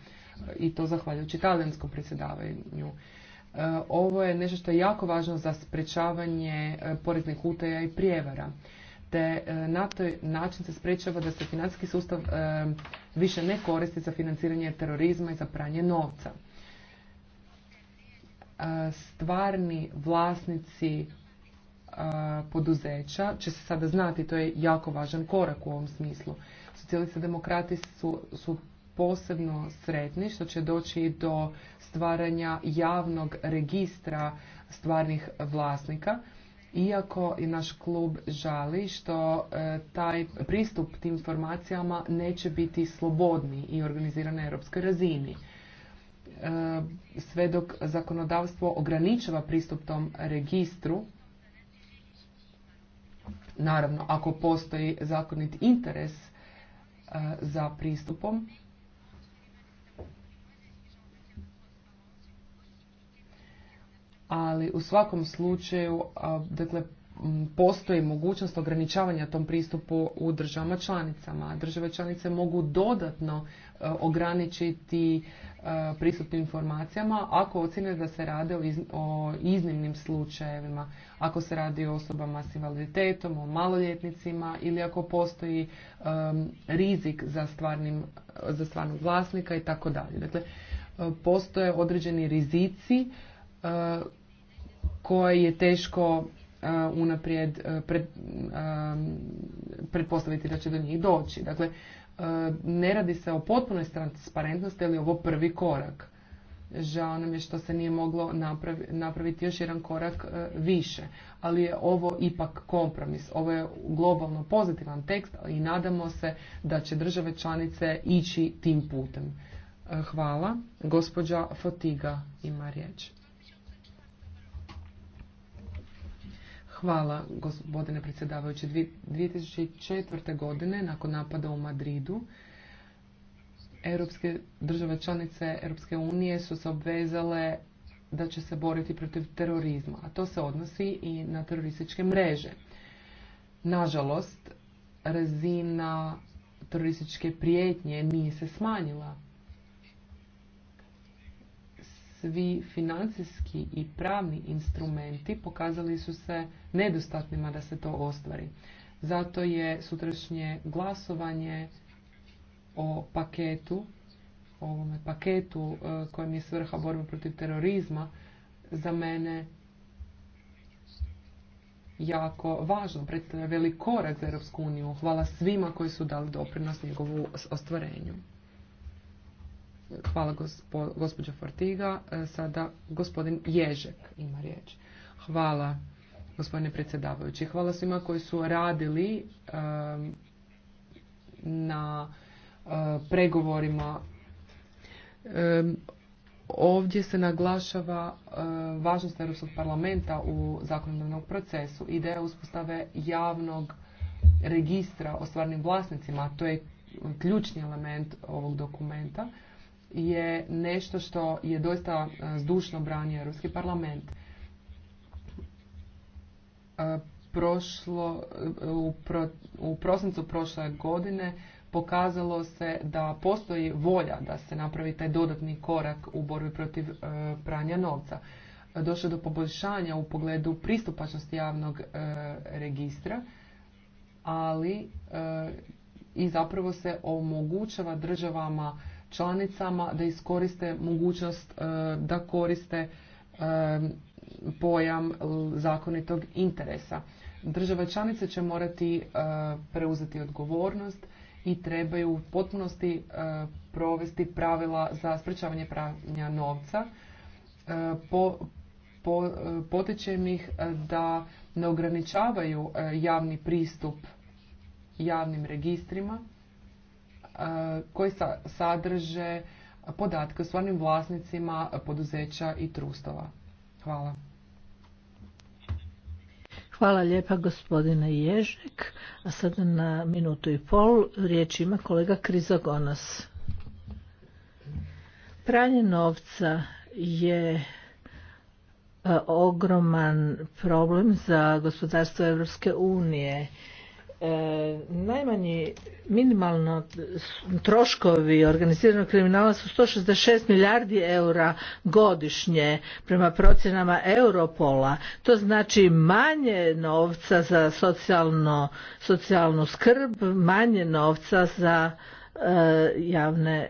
i to zahvaljujući talijanskom predsjedavanju. E, ovo je nešto što je jako važno za sprečavanje poreznih utaja i prijevara te e, na taj način se sprečava da se financijski sustav e, više ne koristi za financiranje terorizma i za pranje novca. E, stvarni vlasnici poduzeća će se sada znati, to je jako važan korak u ovom smislu. Socijalisti demokrati su, su posebno sretni što će doći do stvaranja javnog registra stvarnih vlasnika iako i naš klub žali što e, taj pristup tim informacijama neće biti slobodni i organiziran na europskoj razini e, sve dok zakonodavstvo ograničava pristup tom registru naravno ako postoji zakonit interes e, za pristupom ali u svakom slučaju dakle, postoji mogućnost ograničavanja tom pristupu u državama članicama. Države članice mogu dodatno e, ograničiti e, pristup informacijama ako ocjene da se radi o iznimnim slučajevima, ako se radi o osobama s invaliditetom, o maloljetnicima ili ako postoji rizik za, stvarnim, za stvarnog vlasnika i tako dalje. Dakle, e, postoje određeni rizici E, koje je teško e, unaprijed e, pretpostaviti da će do njih doći. Dakle, ne radi se o potpunoj transparentnosti, ali ovo prvi korak. Žao nam je što se nije moglo napraviti još jedan korak više, ali je ovo ipak kompromis. Ovo je globalno pozitivan tekst i nadamo se da će države članice ići tim putem. Hvala. Gospođa Fotiga ima riječ. Hvala, gospodine predsjedavajući. 2004. godine, nakon napada u Madridu, europske države članice Europske unije su se obvezale da će se boriti protiv terorizma, a to se odnosi i na terorističke mreže. Nažalost, razina terorističke prijetnje nije se smanjila svi financijski i pravni instrumenti pokazali su se nedostatnima da se to ostvari. Zato je sutrašnje glasovanje o paketu, ovome paketu e, kojem je svrha borba protiv terorizma, za mene jako važno, predstavlja velik korak za Europsku uniju. Hvala svima koji su dali doprinos njegovu ostvarenju. Hvala gospođo gospođa Fortiga. E, sada gospodin Ježek ima riječ. Hvala gospodine predsjedavajući. Hvala svima koji su radili na e, pregovorima. ovdje se naglašava e, važnost Europskog parlamenta u zakonodavnom procesu. Ideja uspostave javnog registra o stvarnim vlasnicima, to je ključni element ovog dokumenta je nešto što je doista e, zdušno branio Europski parlament. E, prošlo, e, u, u prosincu prošle godine pokazalo se da postoji volja da se napravi taj dodatni korak u borbi protiv pranja novca. Došlo do poboljšanja u pogledu pristupačnosti javnog registra, ali i zapravo se omogućava državama članicama da iskoriste mogućnost e, da koriste e, pojam zakonitog interesa. Države članice će morati e, preuzeti odgovornost i trebaju u potpunosti provesti pravila za sprečavanje pranja novca. Po, po, ih da ne ograničavaju javni pristup javnim registrima koji sadrže podatke o stvarnim vlasnicima poduzeća i trustova. Hvala. Hvala lijepa gospodine Ježek. A sada na minutu i pol riječ ima kolega Krizogonas. Pranje novca je e, ogroman problem za gospodarstvo Europske unije E, najmanji minimalno troškovi organiziranog kriminala su 166 milijardi eura godišnje prema procjenama Europola. To znači manje novca za socijalno, socijalnu skrb, manje novca za e, javne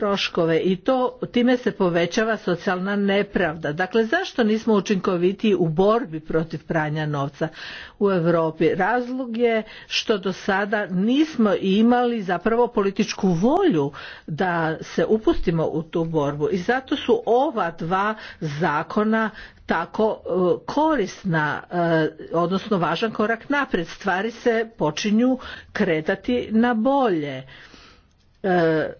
troškove i to time se povećava socijalna nepravda. Dakle, zašto nismo učinkovitiji u borbi protiv pranja novca u Europi? Razlog je što do sada nismo imali zapravo političku volju da se upustimo u tu borbu i zato su ova dva zakona tako e, korisna, e, odnosno važan korak naprijed. Stvari se počinju kretati na bolje. E,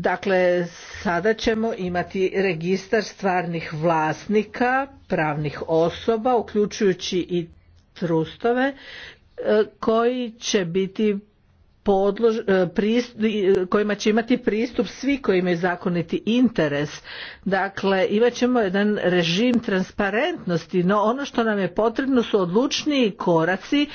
Dakle, sada ćemo imati registar stvarnih vlasnika, pravnih osoba, uključujući i trustove, e, koji će biti podlož, e, e, kojima će imati pristup svi koji imaju zakoniti interes. Dakle, imat ćemo jedan režim transparentnosti, no ono što nam je potrebno su odlučniji koraci e,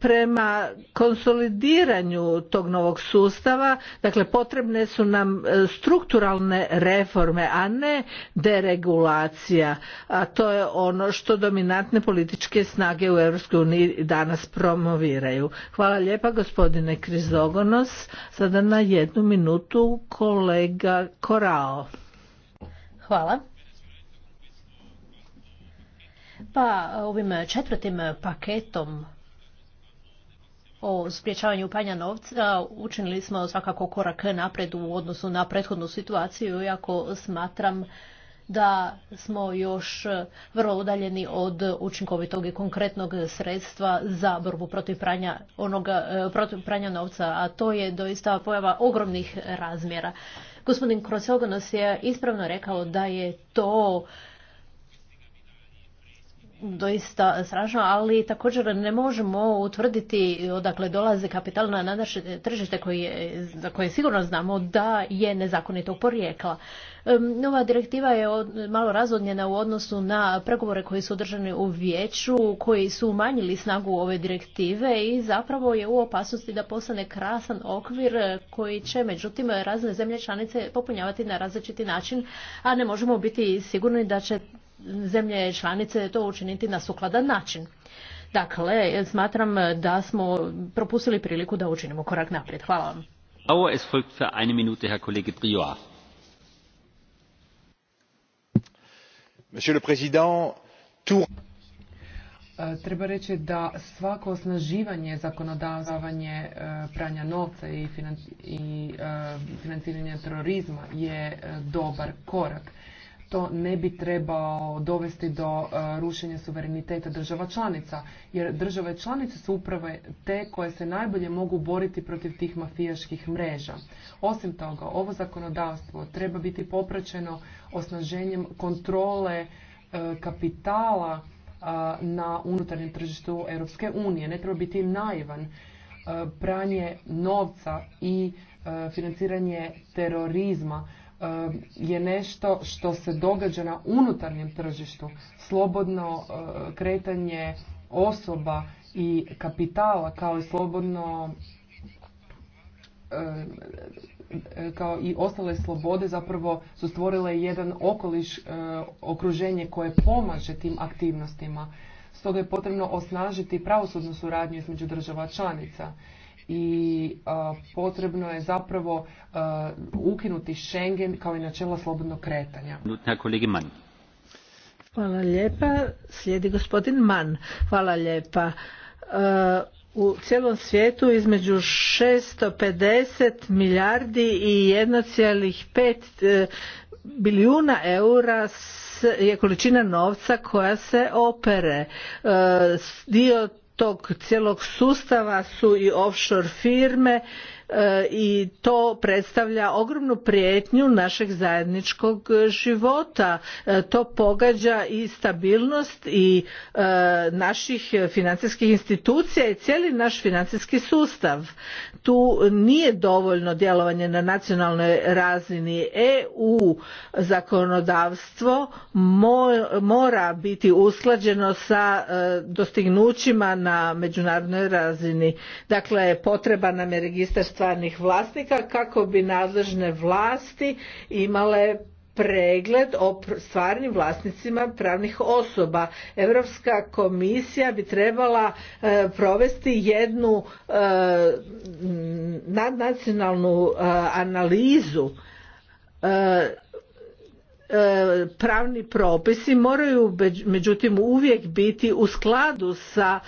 prema konsolidiranju tog novog sustava. Dakle, potrebne su nam strukturalne reforme, a ne deregulacija. A to je ono što dominantne političke snage u EU danas promoviraju. Hvala lijepa, gospodine gospodine Krizogonos. Sada na jednu minutu kolega Korao. Hvala. Pa ovim četvrtim paketom o spriječavanju panja novca učinili smo svakako korak napred u odnosu na prethodnu situaciju, iako smatram da smo još e, vrlo udaljeni od učinkovitog i konkretnog sredstva za borbu protiv pranja, onoga, e, protiv pranja novca, a to je doista pojava ogromnih razmjera. Gospodin Krosogonos je ispravno rekao da je to doista strašno, ali također ne možemo utvrditi odakle dolaze kapital na naše tržište koje, za koje sigurno znamo da je nezakonito porijekla. Nova direktiva je malo razodnjena u odnosu na pregovore koji su održani u vijeću, koji su umanjili snagu ove direktive i zapravo je u opasnosti da postane krasan okvir koji će međutim razne zemlje članice popunjavati na različiti način, a ne možemo biti sigurni da će zemlje članice to učiniti na sukladan način. Dakle, smatram da smo propustili priliku da učinimo korak naprijed. Hvala vam. Es folgt Minute Herr e, Treba reći da svako osnaživanje zakonodavanje e, pranja novca i e, financiranje terorizma je dobar korak to ne bi trebao dovesti do e, rušenja suvereniteta država članica, jer države članice su upravo te koje se najbolje mogu boriti protiv tih mafijaških mreža. Osim toga, ovo zakonodavstvo treba biti popraćeno osnaženjem kontrole e, kapitala e, na unutarnjem tržištu Europske unije. Ne treba biti naivan pranje novca i financiranje terorizma Um, je nešto što se događa na unutarnjem tržištu. Slobodno uh, kretanje osoba i kapitala kao i slobodno uh, kao i ostale slobode zapravo su stvorile jedan okoliš uh, okruženje koje pomaže tim aktivnostima. Stoga je potrebno osnažiti pravosudnu suradnju između država članica i potrebno je zapravo ukinuti Schengen kao i načela slobodnog kretanja. Hvala lijepa. Slijedi gospodin Mann. Hvala lijepa. u cijelom svijetu između 650 milijardi i 1,5 e, bilijuna eura je količina novca koja se opere. E, dio tog cijelog sustava su i offshore firme E, i to predstavlja ogromnu prijetnju našeg zajedničkog života. E, to pogađa i stabilnost i e, naših financijskih institucija i cijeli naš financijski sustav. Tu nije dovoljno djelovanje na nacionalnoj razini. EU zakonodavstvo mora biti usklađeno sa dostignućima na međunarodnoj razini. Dakle, potreba nam je registar stvarnih vlasnika kako bi nadležne vlasti imale pregled o stvarnim vlasnicima pravnih osoba. Europska komisija bi trebala e, provesti jednu e, nadnacionalnu e, analizu E, pravni propisi moraju međutim uvijek biti u skladu sa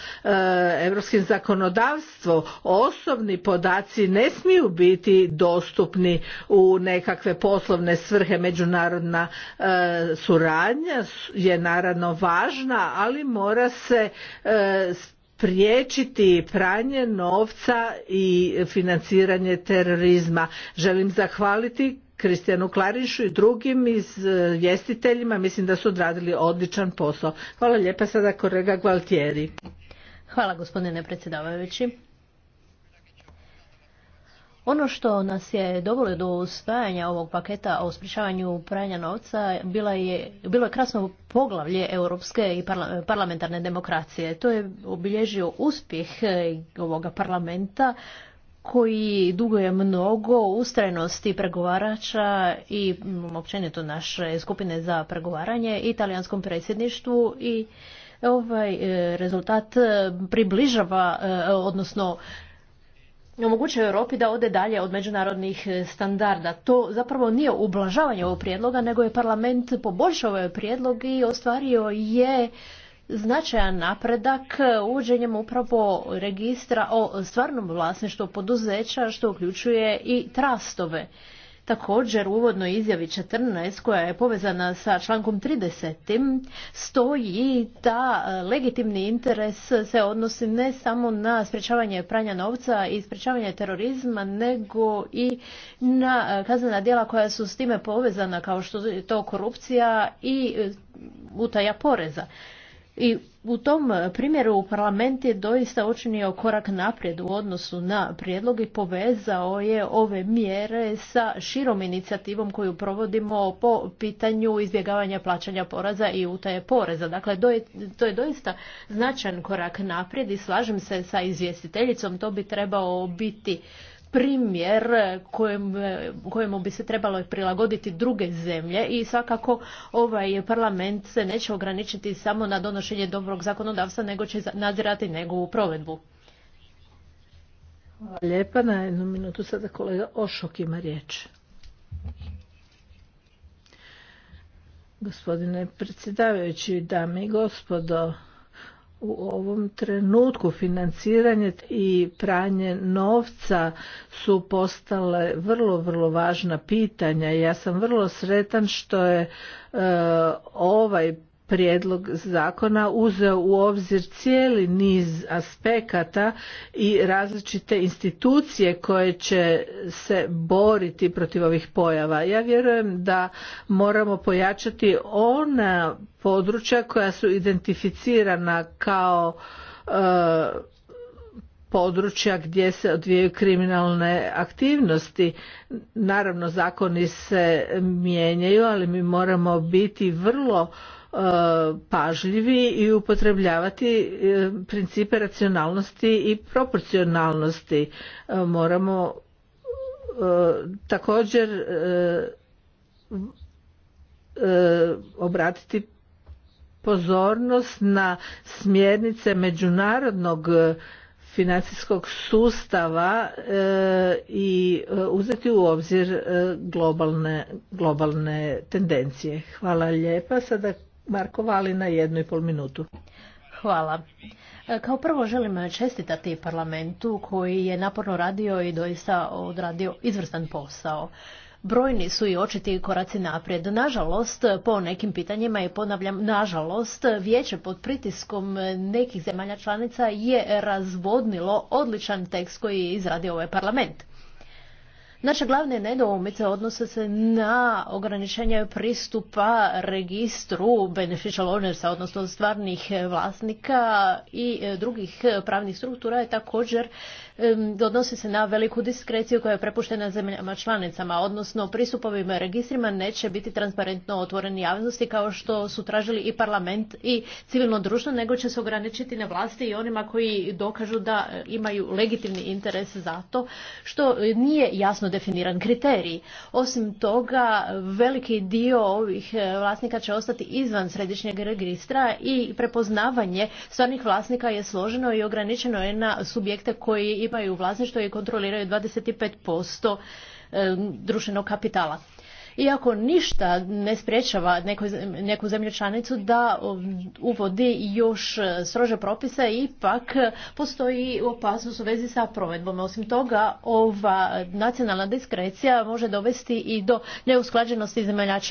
europskim zakonodavstvom osobni podaci ne smiju biti dostupni u nekakve poslovne svrhe međunarodna e, suradnja je naravno važna ali mora se e, priječiti pranje novca i financiranje terorizma želim zahvaliti Kristijanu Klarišu i drugim izvjestiteljima. E, Mislim da su odradili odličan posao. Hvala lijepa sada kolega Gualtieri. Hvala gospodine predsjedavajući. Ono što nas je dovelo do usvajanja ovog paketa o sprječavanju pranja novca bila bilo je krasno poglavlje europske i parlamentarne demokracije. To je obilježio uspjeh e, ovoga parlamenta koji duguje mnogo ustrajnosti pregovarača i mm, općenito naše skupine za pregovaranje i italijanskom predsjedništvu i ovaj e, rezultat e, približava, e, odnosno omogućuje Europi da ode dalje od međunarodnih standarda. To zapravo nije ublažavanje ovog prijedloga, nego je parlament poboljšao ovaj prijedlog i ostvario je značajan napredak uvođenjem upravo registra o stvarnom vlasništvu poduzeća što uključuje i trastove. Također u uvodnoj izjavi 14 koja je povezana sa člankom 30 stoji da legitimni interes se odnosi ne samo na sprječavanje pranja novca i sprječavanje terorizma nego i na kaznena djela koja su s time povezana kao što je to korupcija i utaja poreza. I u tom primjeru parlament je doista učinio korak naprijed u odnosu na prijedlog i povezao je ove mjere sa širom inicijativom koju provodimo po pitanju izbjegavanja plaćanja poreza i utaje poreza. Dakle, to je doista značajan korak naprijed i slažem se sa izvjestiteljicom, to bi trebao biti primjer kojem, kojemu bi se trebalo prilagoditi druge zemlje i svakako ovaj parlament se neće ograničiti samo na donošenje dobrog zakonodavstva nego će nadzirati njegovu provedbu. Hvala lijepa. Na jednu minutu sada kolega Ošok ima riječ. Gospodine predsjedavajući, dame i gospodo, u ovom trenutku financiranje i pranje novca su postale vrlo vrlo važna pitanja ja sam vrlo sretan što je e, ovaj prijedlog zakona uzeo u obzir cijeli niz aspekata i različite institucije koje će se boriti protiv ovih pojava. Ja vjerujem da moramo pojačati ona područja koja su identificirana kao e, područja gdje se odvijaju kriminalne aktivnosti. Naravno zakoni se mijenjaju, ali mi moramo biti vrlo E, pažljivi i upotrebljavati e, principe racionalnosti i proporcionalnosti. E, moramo također obratiti pozornost na smjernice međunarodnog financijskog sustava i uzeti u obzir globalne, tendencije. Hvala lijepa. Sada Marko Vali na jednu i pol minutu. Hvala. E, kao prvo želim čestitati parlamentu koji je naporno radio i doista odradio izvrstan posao. Brojni su i očiti koraci naprijed. Nažalost, po nekim pitanjima i ponavljam, nažalost, vijeće pod pritiskom nekih zemalja članica je razvodnilo odličan tekst koji je izradio ovaj parlament. Naše glavne nedoumice odnose se na ograničenje pristupa registru beneficial ownersa, odnosno stvarnih vlasnika i drugih pravnih struktura je također odnosi se na veliku diskreciju koja je prepuštena zemljama članicama, odnosno pristupovim registrima neće biti transparentno otvoreni javnosti kao što su tražili i parlament i civilno društvo, nego će se ograničiti na vlasti i onima koji dokažu da e, imaju legitimni interes za to, što nije jasno definiran kriterij. Osim toga, veliki dio ovih e, vlasnika će ostati izvan središnjeg registra i prepoznavanje stvarnih vlasnika je složeno i ograničeno je na subjekte koji imaju vlasništvo i kontroliraju 25% društvenog kapitala iako ništa ne sprečava neku, neku zemlju članicu da um, uvodi još e, strože propise, ipak postoji opasnost u vezi sa provedbom. Osim toga, ova nacionalna diskrecija može dovesti i do neusklađenosti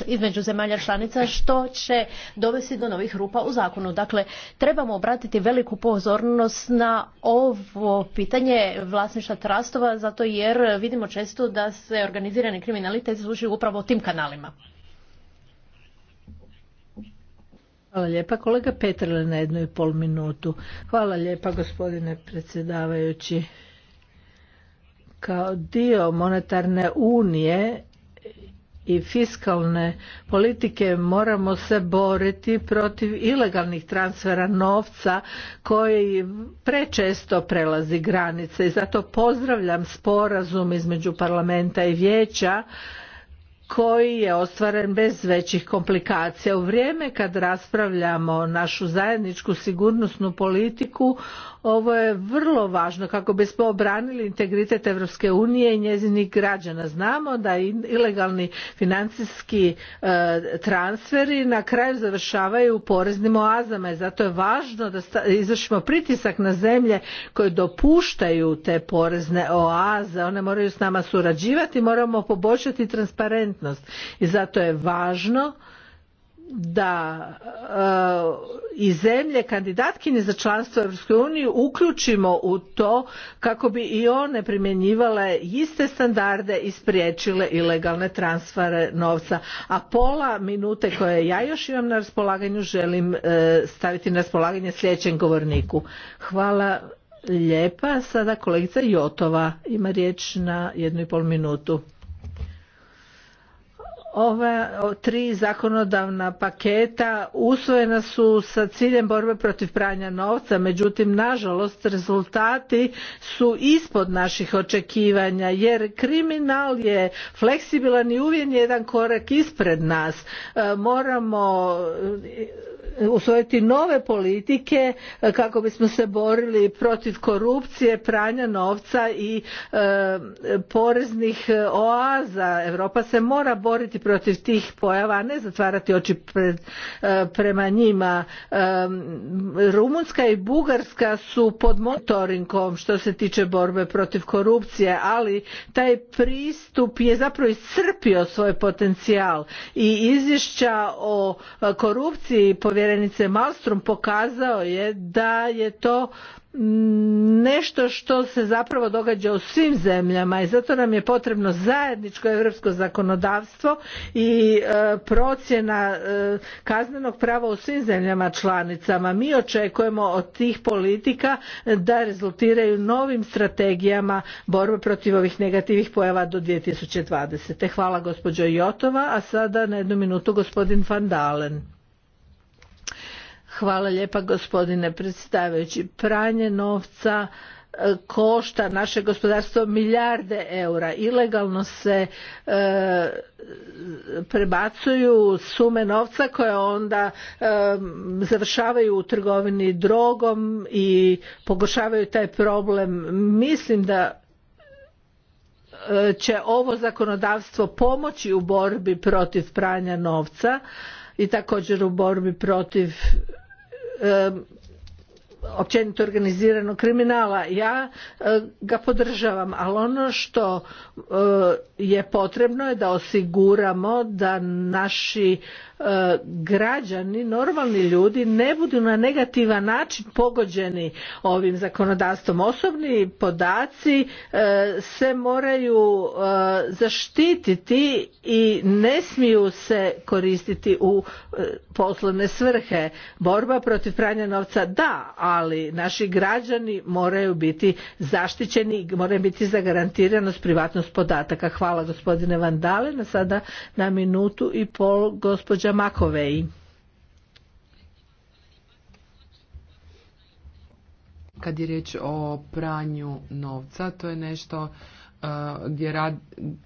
između zemalja članica, što će dovesti do novih rupa u zakonu. Dakle, trebamo obratiti veliku pozornost na ovo pitanje vlasništva trastova, zato jer vidimo često da se organizirani kriminalitet služi upravo tim kanalima. Hvala lijepa. Kolega Petrle na jednu i pol minutu. Hvala lijepa gospodine predsjedavajući. Kao dio monetarne unije i fiskalne politike moramo se boriti protiv ilegalnih transfera novca koji prečesto prelazi granice i zato pozdravljam sporazum između parlamenta i vijeća koji je ostvaren bez većih komplikacija. U vrijeme kad raspravljamo našu zajedničku sigurnosnu politiku ovo je vrlo važno kako bismo obranili integritet Europske unije i njezinih građana. Znamo da ilegalni financijski e, transferi na kraju završavaju u poreznim oazama i zato je važno da izvršimo pritisak na zemlje koje dopuštaju te porezne oaze. One moraju s nama surađivati, moramo poboljšati transparentnost i zato je važno da e, i zemlje kandidatkinje za članstvo u eu uključimo u to kako bi i one primjenjivale iste standarde i spriječile ilegalne transfere novca a pola minute koje ja još imam na raspolaganju želim e, staviti na raspolaganje sljedećem govorniku hvala lijepa sada kolegica jotova ima riječ na jednu i pol minutu ova tri zakonodavna paketa usvojena su sa ciljem borbe protiv pranja novca međutim nažalost rezultati su ispod naših očekivanja jer kriminal je fleksibilan i uvijek jedan korak ispred nas e, moramo usvojiti nove politike e, kako bismo se borili protiv korupcije, pranja novca i e, poreznih e, oaza. Europa se mora boriti protiv tih pojava, a ne zatvarati oči prema njima. Rumunska i Bugarska su pod motorinkom što se tiče borbe protiv korupcije, ali taj pristup je zapravo iscrpio svoj potencijal i izvješća o korupciji povjerenice Malstrom pokazao je da je to mm, nešto što se zapravo događa u svim zemljama i zato nam je potrebno zajedničko europsko zakonodavstvo i e, procjena e, kaznenog prava u svim zemljama članicama. Mi očekujemo od tih politika da rezultiraju novim strategijama borbe protiv ovih negativnih pojava do 2020. Hvala gospođo Jotova, a sada na jednu minutu gospodin Van Dalen. Hvala lijepa gospodine predsjedavajući Pranje novca e, košta naše gospodarstvo milijarde eura. Ilegalno se e, prebacuju sume novca koje onda e, završavaju u trgovini drogom i pogoršavaju taj problem. Mislim da će ovo zakonodavstvo pomoći u borbi protiv pranja novca i također u borbi protiv općenito organiziranog kriminala. Ja e, ga podržavam, ali ono što e, je potrebno je da osiguramo da naši E, građani, normalni ljudi ne budu na negativan način pogođeni ovim zakonodavstvom. Osobni podaci e, se moraju e, zaštititi i ne smiju se koristiti u poslovne svrhe. Borba protiv pranja novca da, ali naši građani moraju biti zaštićeni i moraju biti zagarantiranost privatnost podataka. Hvala gospodine Vandale, na sada na minutu i pol gospođa kad je riječ o pranju novca, to je nešto uh, gdje,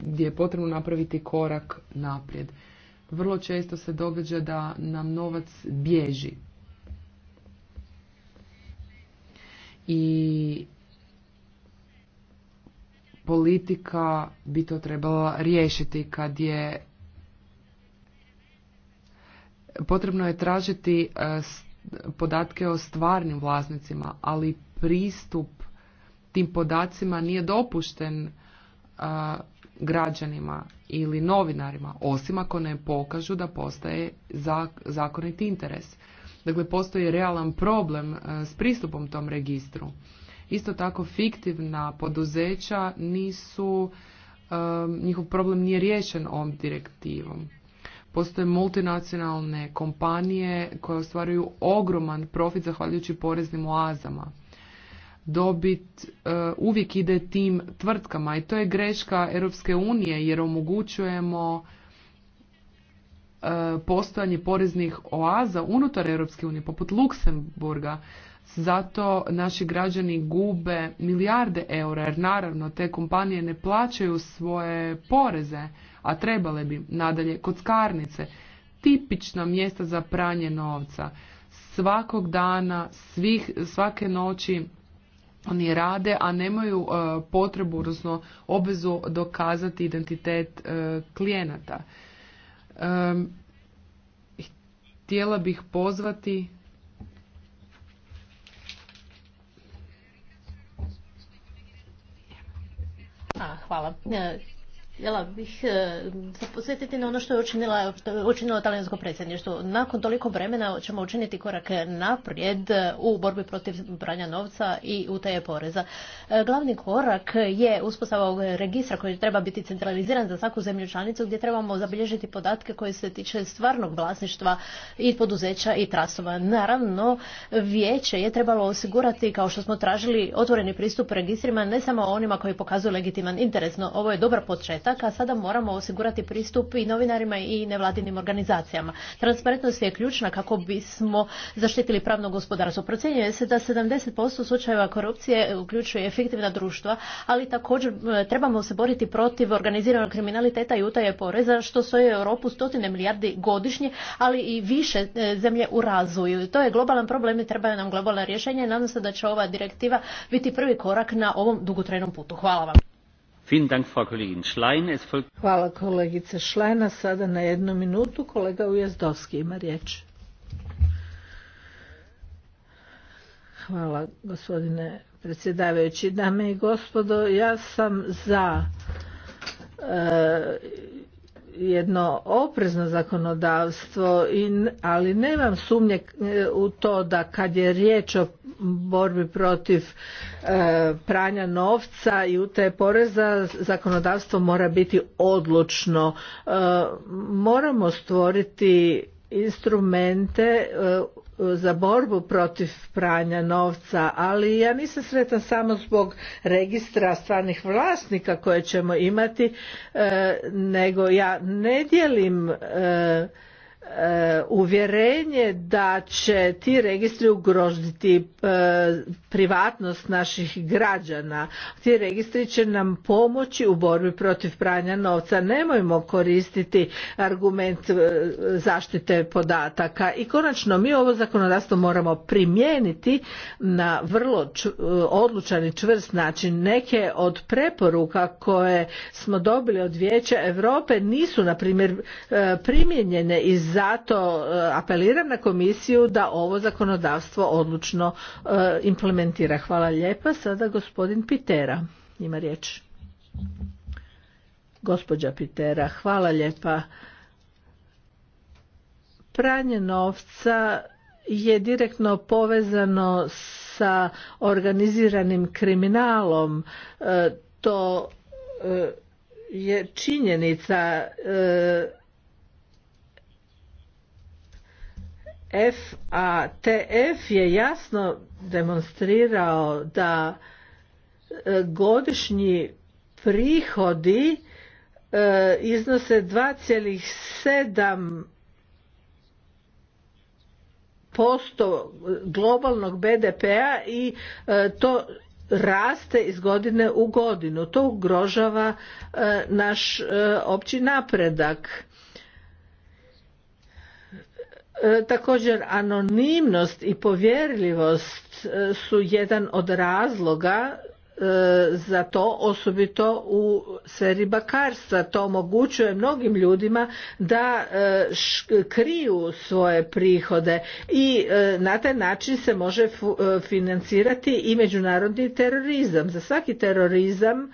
gdje je potrebno napraviti korak naprijed. Vrlo često se događa da nam novac bježi. I politika bi to trebala riješiti kad je potrebno je tražiti e, podatke o stvarnim vlasnicima, ali pristup tim podacima nije dopušten e, građanima ili novinarima, osim ako ne pokažu da postaje zakonit interes. Dakle, postoji realan problem e, s pristupom tom registru. Isto tako, fiktivna poduzeća nisu, njihov problem nije riješen ovom direktivom. Postoje multinacionalne kompanije koje ostvaruju ogroman profit zahvaljujući poreznim oazama. Dobit e, uvijek ide tim tvrtkama i to je greška Europske unije jer omogućujemo e, postojanje poreznih oaza unutar Europske unije poput Luksemburga. Zato naši građani gube milijarde eura jer naravno te kompanije ne plaćaju svoje poreze a trebale bi nadalje kockarnice, tipična mjesta za pranje novca. Svakog dana, svih, svake noći oni rade, a nemaju e, potrebu, odnosno obvezu dokazati identitet e, klijenata. E, htjela bih pozvati hvala. Htjela bih e, se posjetiti na ono što je učinila, učinilo talijansko predsjedništvo. Nakon toliko vremena ćemo učiniti korak naprijed u borbi protiv pranja novca i utaje poreza. E, glavni korak je uspostava ovog registra koji treba biti centraliziran za svaku zemlju članicu gdje trebamo zabilježiti podatke koji se tiče stvarnog vlasništva i poduzeća i trasova. Naravno, vijeće je trebalo osigurati, kao što smo tražili, otvoreni pristup registrima ne samo onima koji pokazuju legitiman interes, no ovo je dobar početak dakle sada moramo osigurati pristup i novinarima i nevladinim organizacijama. Transparentnost je ključna kako bismo zaštitili pravno gospodarstvo. Procjenjuje se da 70% slučajeva korupcije uključuje efektivna društva, ali također trebamo se boriti protiv organiziranog kriminaliteta i utaje poreza, što stoje Europu stotine milijardi godišnje, ali i više e, zemlje u razvoju. To je globalan problem i trebaju nam globalna rješenja i nadam se da će ova direktiva biti prvi korak na ovom dugotrenom putu. Hvala vam. Hvala kolegice Šlajna. Sada na jednu minutu kolega Ujazdovski ima riječ. Hvala gospodine predsjedavajući. Dame i gospodo, ja sam za e, jedno oprezno zakonodavstvo ali nemam sumnje eh, u to da kad je riječ o borbi protiv eh, pranja novca i u te poreza zakonodavstvo mora biti odlučno eh, moramo stvoriti instrumente e, za borbu protiv pranja novca, ali ja nisam sretan samo zbog registra stvarnih vlasnika koje ćemo imati, e, nego ja ne dijelim e, E, uvjerenje da će ti registri ugroziti e, privatnost naših građana. Ti registri će nam pomoći u borbi protiv pranja novca. Nemojmo koristiti argument e, zaštite podataka. I konačno mi ovo zakonodavstvo moramo primijeniti na vrlo odlučan i čvrst način. Neke od preporuka koje smo dobili od Vijeća Europe nisu na primjer primijenjene iz zato eh, apeliram na komisiju da ovo zakonodavstvo odlučno eh, implementira. Hvala lijepa. Sada gospodin Pitera ima riječ. Gospođa Pitera, hvala lijepa. Pranje novca je direktno povezano sa organiziranim kriminalom. Eh, to je činjenica FATF je jasno demonstrirao da e, godišnji prihodi e, iznose 2,7 posto globalnog BDP-a i e, to raste iz godine u godinu. To ugrožava naš opći napredak. E, također anonimnost i povjerljivost e, su jedan od razloga e, za to osobito u sferi bakarstva to omogućuje mnogim ljudima da kriju svoje prihode i na taj način se može financirati i međunarodni terorizam za svaki terorizam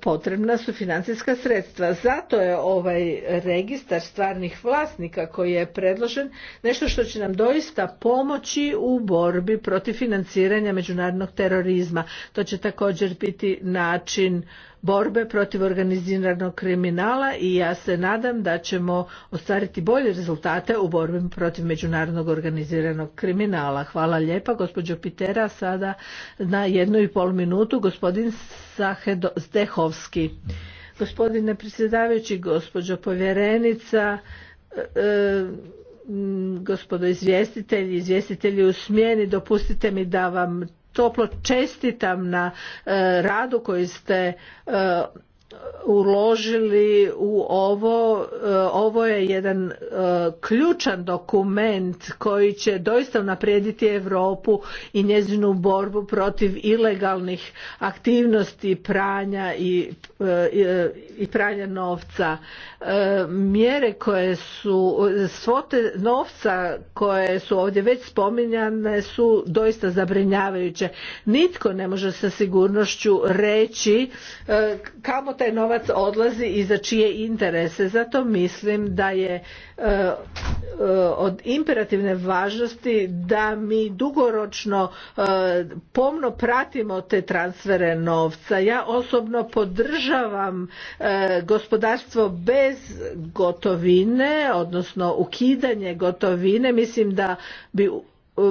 potrebna su financijska sredstva. Zato je ovaj registar stvarnih vlasnika koji je predložen nešto što će nam doista pomoći u borbi protiv financiranja međunarodnog terorizma. To će također biti način borbe protiv organiziranog kriminala i ja se nadam da ćemo ostvariti bolje rezultate u borbi protiv međunarodnog organiziranog kriminala. Hvala lijepa gospođo Pitera. Sada na jednu i pol minutu gospodin Sahedo Zdehovski. Gospodine predsjedavajući, gospođo povjerenica, e, e, gospodo izvjestitelji, izvjestitelji u smjeni, dopustite mi da vam toplo čestitam na e, radu koji ste e, uložili u ovo e, ovo je jedan e, ključan dokument koji će doista unaprijediti Europu i njezinu borbu protiv ilegalnih aktivnosti pranja i, e, i pranja novca mjere koje su svote novca koje su ovdje već spominjane su doista zabrinjavajuće nitko ne može sa sigurnošću reći kamo novac odlazi i za čije interese. Zato mislim da je e, e, od imperativne važnosti da mi dugoročno e, pomno pratimo te transfere novca. Ja osobno podržavam gospodarstvo bez gotovine, odnosno ukidanje gotovine. Mislim da bi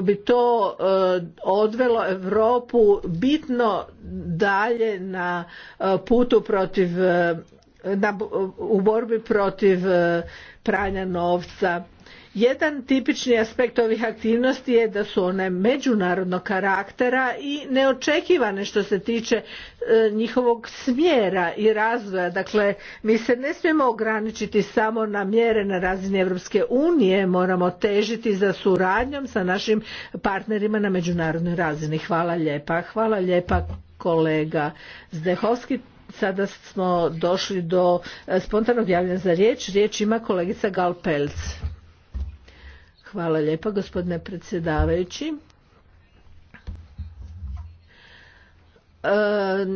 bi to e, odvelo Europu bitno dalje na e, putu protiv e, u borbi protiv pranja novca jedan tipični aspekt ovih aktivnosti je da su one međunarodnog karaktera i neočekivane što se tiče e, njihovog smjera i razvoja. Dakle, mi se ne smijemo ograničiti samo na mjere na razini Europske unije, moramo težiti za suradnjom sa našim partnerima na međunarodnoj razini. Hvala lijepa. Hvala lijepa kolega Zdehovski. Sada smo došli do e, spontanog javljanja za riječ. Riječ ima kolegica Galpelc. Hvala lijepa gospodine predsjedavajući. E,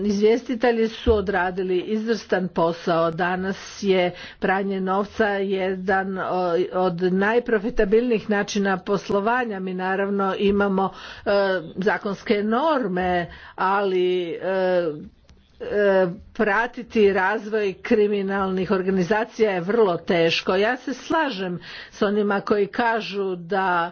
izvjestitelji su odradili izvrstan posao. Danas je pranje novca jedan od najprofitabilnijih načina poslovanja. Mi naravno imamo e, zakonske norme, ali e, pratiti razvoj kriminalnih organizacija je vrlo teško. Ja se slažem s onima koji kažu da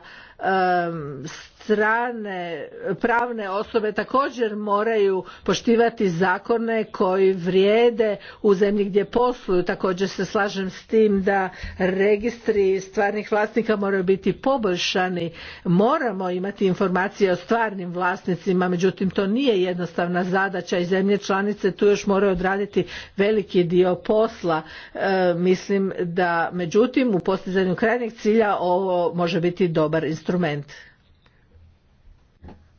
strane pravne osobe također moraju poštivati zakone koji vrijede u zemlji gdje posluju također se slažem s tim da registri stvarnih vlasnika moraju biti poboljšani moramo imati informacije o stvarnim vlasnicima međutim to nije jednostavna zadaća i zemlje članice tu još moraju odraditi veliki dio posla e, mislim da međutim u postizanju krajnjeg cilja ovo može biti dobar instrument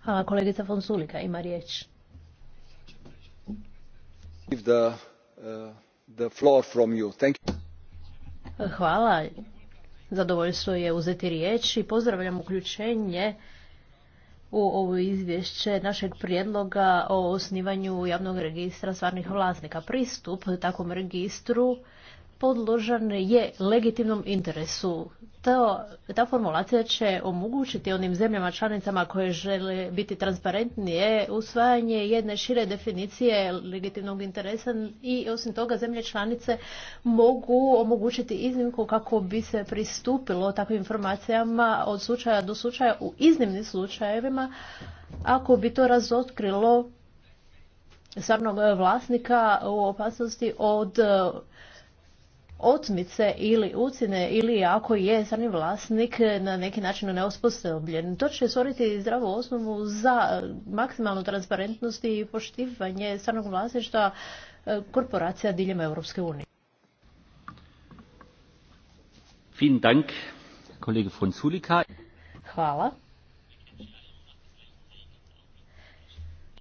Hvala, kolegica Fonsulika ima riječ. Uh, Hvala. Zadovoljstvo je uzeti riječ i pozdravljam uključenje u ovo izvješće našeg prijedloga o osnivanju javnog registra stvarnih vlasnika. Pristup takvom registru podložan je legitimnom interesu. ta formulacija će omogućiti onim zemljama članicama koje žele biti transparentnije usvajanje jedne šire definicije legitimnog interesa i osim toga zemlje članice mogu omogućiti iznimku kako bi se pristupilo takvim informacijama od slučaja do slučaja u iznimnim slučajevima ako bi to razotkrilo stvarnog vlasnika u opasnosti od otmice ili ucine ili ako je strani vlasnik na neki način neosposobljen. To će stvoriti zdravu osnovu za maksimalnu transparentnost i poštivanje stranog vlasništva e, korporacija diljem Europske unije. Hvala.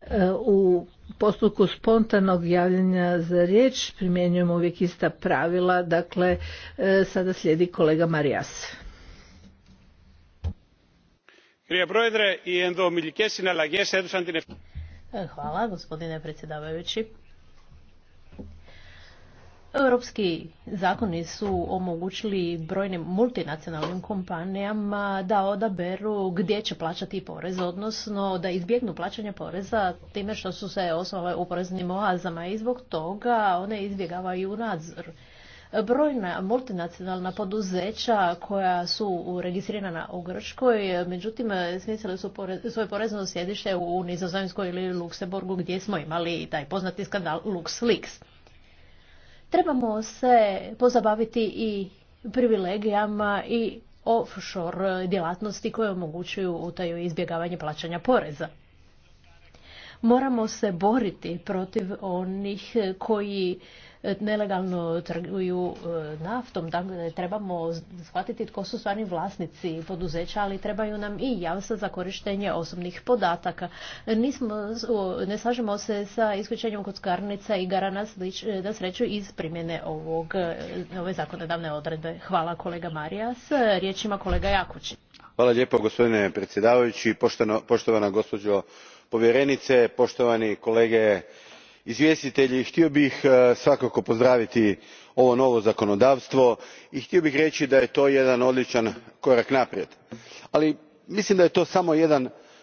E, u postupku spontanog javljanja za riječ primjenjujemo uvijek ista pravila, dakle e, sada slijedi kolega Marijas. E, hvala gospodine predsjedavajući. Europski zakoni su omogućili brojnim multinacionalnim kompanijama da odaberu gdje će plaćati porez, odnosno da izbjegnu plaćanje poreza time što su se osnovale u poreznim oazama i zbog toga one izbjegavaju nadzor. Brojna multinacionalna poduzeća koja su registrirana u Grčkoj, međutim, smislili su svoje porezno sjedište u Nizozemskoj ili Luksemburgu gdje smo imali taj poznati skandal LuxLeaks. Trebamo se pozabaviti i privilegijama i offshore djelatnosti koje omogućuju utaju i izbjegavanje plaćanja poreza. Moramo se boriti protiv onih koji E, nelegalno trguju e, naftom, tako da trebamo shvatiti tko su stvarni vlasnici poduzeća, ali trebaju nam i javstva za korištenje osobnih podataka. Nismo, ne slažemo se sa isključenjem kockarnica i Garana da e, sreću iz primjene ovog, ove zakonodavne odredbe. Hvala kolega Marija. Riječ ima kolega Jakući. Hvala lijepo gospodine predsjedavajući, poštovana gospođo povjerenice, poštovani kolege izvjestitelji htio bih e, svakako pozdraviti ovo novo zakonodavstvo i htio bih reći da je to jedan odličan korak naprijed ali mislim da je to samo jedan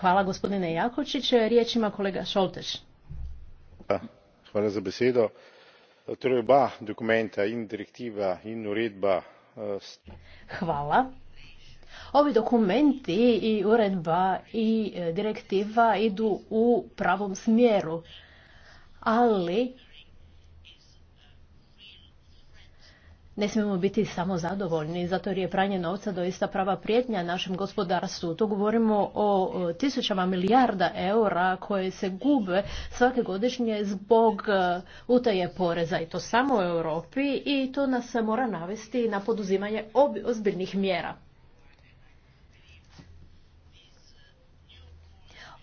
Hvala gospodine Jakovčić. riječima ima kolega Šolteš. Pa, hvala za dokumenta in direktiva in uredba. Eh, hvala. Ovi dokumenti i uredba i eh, direktiva idu u pravom smjeru, ali Ne smijemo biti samo zadovoljni, zato jer je pranje novca doista prava prijetnja našem gospodarstvu. Tu govorimo o tisućama milijarda eura koje se gube svake godišnje zbog e, utaje poreza i to samo u Europi i to nas mora navesti na poduzimanje ozbiljnih mjera.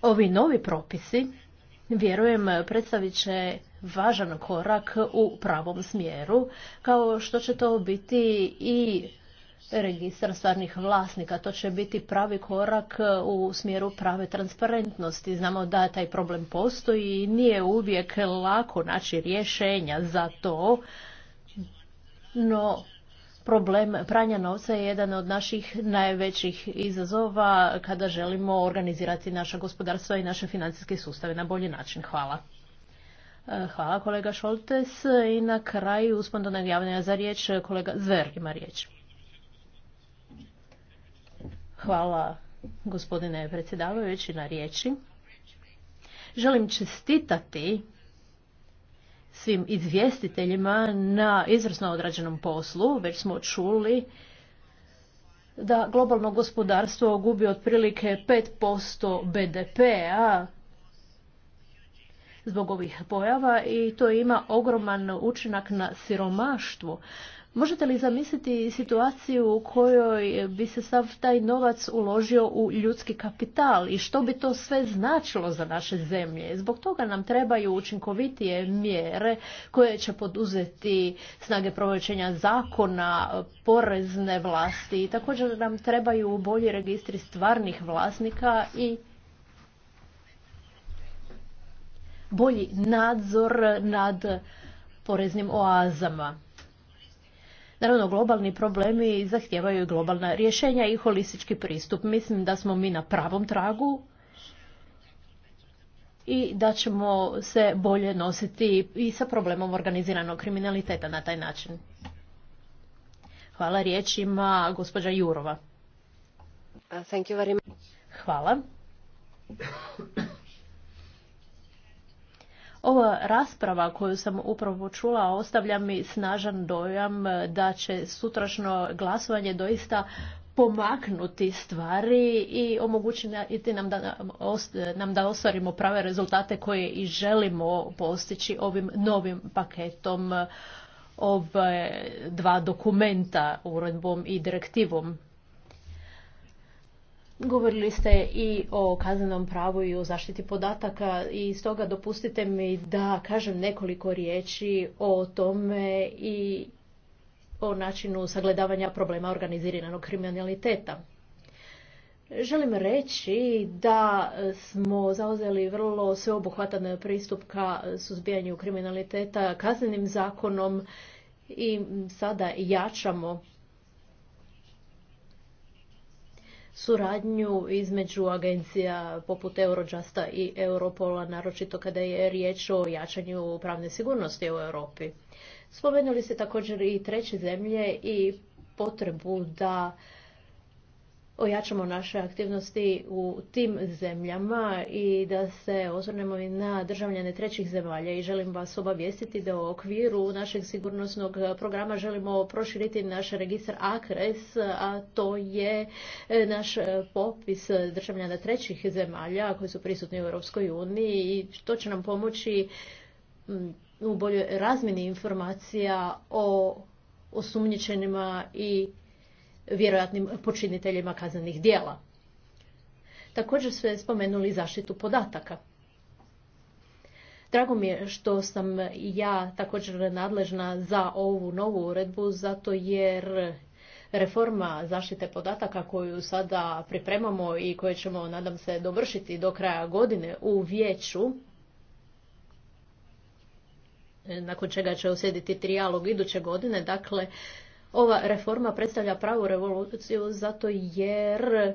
Ovi novi propisi, vjerujem, predstavit će važan korak u pravom smjeru, kao što će to biti i registar stvarnih vlasnika. To će biti pravi korak u smjeru prave transparentnosti. Znamo da taj problem postoji i nije uvijek lako naći rješenja za to, no problem pranja novca je jedan od naših najvećih izazova kada želimo organizirati naša gospodarstvo i naše financijske sustave na bolji način. Hvala. Hvala kolega Šoltes i na kraju uspondanog javljanja za riječ kolega Zver ima riječ. Hvala gospodine predsjedavajući na riječi. Želim čestitati svim izvjestiteljima na izvrsno odrađenom poslu. Već smo čuli da globalno gospodarstvo gubi otprilike 5% BDP-a zbog ovih pojava i to ima ogroman učinak na siromaštvo. Možete li zamisliti situaciju u kojoj bi se sav taj novac uložio u ljudski kapital i što bi to sve značilo za naše zemlje? Zbog toga nam trebaju učinkovitije mjere koje će poduzeti snage provođenja zakona, porezne vlasti i također nam trebaju bolji registri stvarnih vlasnika i bolji nadzor nad poreznim oazama. Naravno, globalni problemi zahtijevaju globalna rješenja i holistički pristup. Mislim da smo mi na pravom tragu i da ćemo se bolje nositi i sa problemom organiziranog kriminaliteta na taj način. Hvala riječ ima gospođa Jurova. Hvala. Ova rasprava koju sam upravo čula ostavlja mi snažan dojam da će sutrašno glasovanje doista pomaknuti stvari i omogućiti nam da, nam da ostvarimo prave rezultate koje i želimo postići ovim novim paketom ove dva dokumenta uredbom i direktivom. Govorili ste i o kaznenom pravu i o zaštiti podataka i stoga dopustite mi da kažem nekoliko riječi o tome i o načinu sagledavanja problema organiziranog kriminaliteta. Želim reći da smo zauzeli vrlo sveobuhvatan pristup ka suzbijanju kriminaliteta kaznenim zakonom i sada jačamo suradnju između agencija poput Eurojusta i Europola, naročito kada je riječ o jačanju pravne sigurnosti u Europi. Spomenuli ste također i treće zemlje i potrebu da ojačamo naše aktivnosti u tim zemljama i da se osvrnemo i na državljane trećih zemalja i želim vas obavijestiti da u okviru našeg sigurnosnog programa želimo proširiti naš registar akres, a to je e, naš popis državljana trećih zemalja koji su prisutni u Europskoj uniji i to će nam pomoći u boljoj razmjeni informacija o osumnjičenima i vjerojatnim počiniteljima kaznenih djela. Također su spomenuli zaštitu podataka. Drago mi je što sam ja također nadležna za ovu novu uredbu, zato jer reforma zaštite podataka koju sada pripremamo i koju ćemo, nadam se, dovršiti do kraja godine u vijeću, nakon čega će osjediti trijalog iduće godine, dakle, ova reforma predstavlja pravu revoluciju zato jer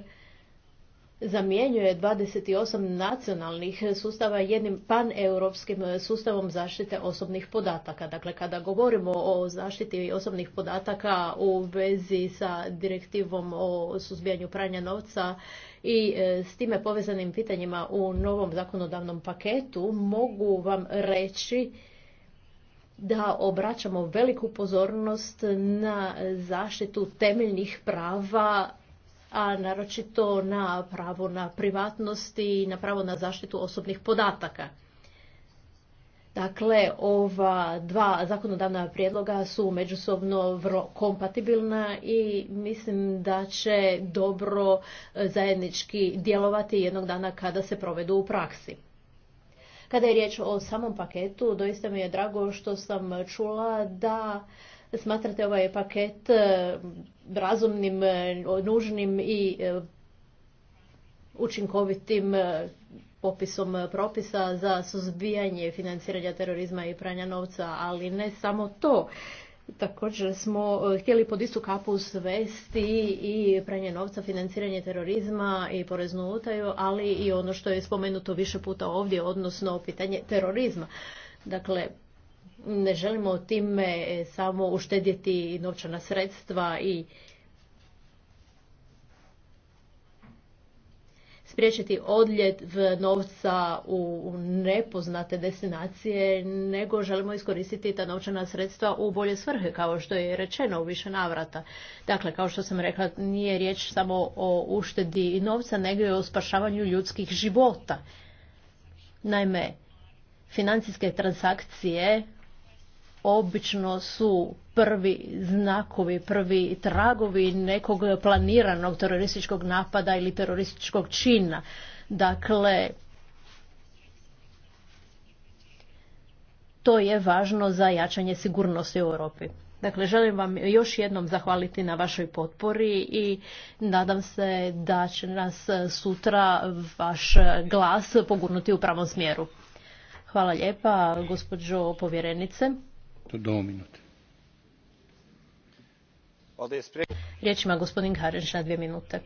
zamjenjuje 28 nacionalnih sustava jednim paneuropskim sustavom zaštite osobnih podataka. Dakle, kada govorimo o zaštiti osobnih podataka u vezi sa direktivom o suzbijanju pranja novca i e, s time povezanim pitanjima u novom zakonodavnom paketu, mogu vam reći da obraćamo veliku pozornost na zaštitu temeljnih prava, a naročito na pravo na privatnost i na pravo na zaštitu osobnih podataka. Dakle, ova dva zakonodavna prijedloga su međusobno vrlo kompatibilna i mislim da će dobro zajednički djelovati jednog dana kada se provedu u praksi. Kada je riječ o samom paketu, doista mi je drago što sam čula da smatrate ovaj paket e, razumnim, e, nužnim i e, učinkovitim popisom propisa za suzbijanje financiranja terorizma i pranja novca, ali ne samo to. Također smo e, htjeli pod istu kapu svesti i pranje novca, financiranje terorizma i poreznu utaju, ali i ono što je spomenuto više puta ovdje, odnosno pitanje terorizma. Dakle, ne želimo time e, samo uštedjeti novčana sredstva i spriječiti odljev novca u nepoznate destinacije, nego želimo iskoristiti ta novčana sredstva u bolje svrhe, kao što je rečeno u više navrata. Dakle, kao što sam rekla, nije riječ samo o uštedi novca, nego i o spašavanju ljudskih života. Naime, financijske transakcije obično su prvi znakovi, prvi tragovi nekog planiranog terorističkog napada ili terorističkog čina. Dakle, to je važno za jačanje sigurnosti u Europi. Dakle, želim vam još jednom zahvaliti na vašoj potpori i nadam se da će nas sutra vaš glas pogurnuti u pravom smjeru. Hvala lijepa, gospođo povjerenice. Riječ ima gospodin Karinš na dvije minute.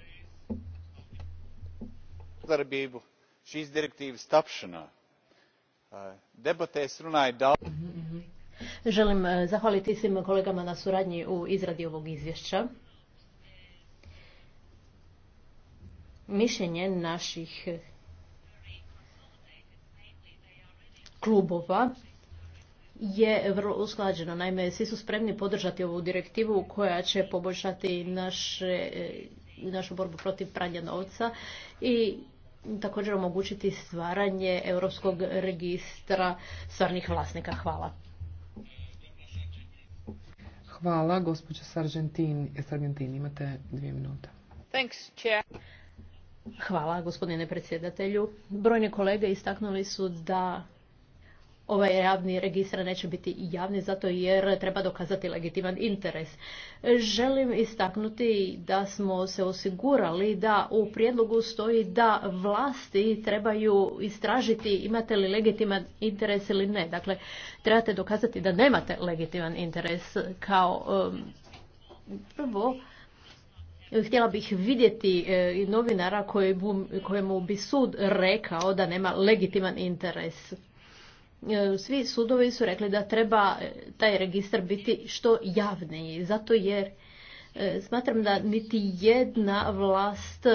Želim e, zahvaliti svim kolegama na suradnji u izradi ovog izvješća. Mišljenje naših klubova je vrlo usklađeno. Naime, svi su spremni podržati ovu direktivu koja će poboljšati e, našu borbu protiv pranja novca i također omogućiti stvaranje Europskog registra stvarnih vlasnika. Hvala. Hvala, gospođa Sargentin. Sargentin, imate dvije Hvala, gospodine predsjedatelju. Brojne kolege istaknuli su da ovaj javni registar neće biti javni zato jer treba dokazati legitiman interes. Želim istaknuti da smo se osigurali da u prijedlogu stoji da vlasti trebaju istražiti imate li legitiman interes ili ne. Dakle, trebate dokazati da nemate legitiman interes kao prvo Htjela bih vidjeti e, novinara kojemu bi sud rekao da nema legitiman interes. E, svi sudovi su rekli da treba e, taj registar biti što javniji, zato jer e, smatram da niti jedna vlast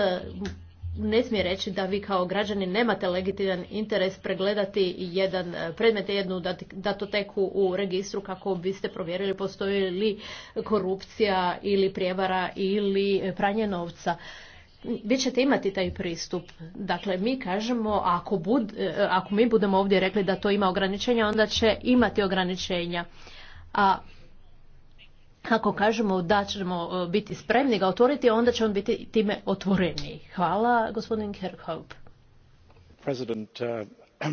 ne smije reći da vi kao građani nemate legitiman interes pregledati jedan predmet, jednu datoteku u registru kako biste provjerili postoji li korupcija ili prijevara ili pranje novca vi ćete imati taj pristup. Dakle, mi kažemo, ako, bud, e, ako mi budemo ovdje rekli da to ima ograničenja, onda će imati ograničenja. A ako kažemo da ćemo e, biti spremni ga otvoriti, onda će on biti time otvoreni. Hvala, gospodin Kerkhope. President, uh, *clears throat*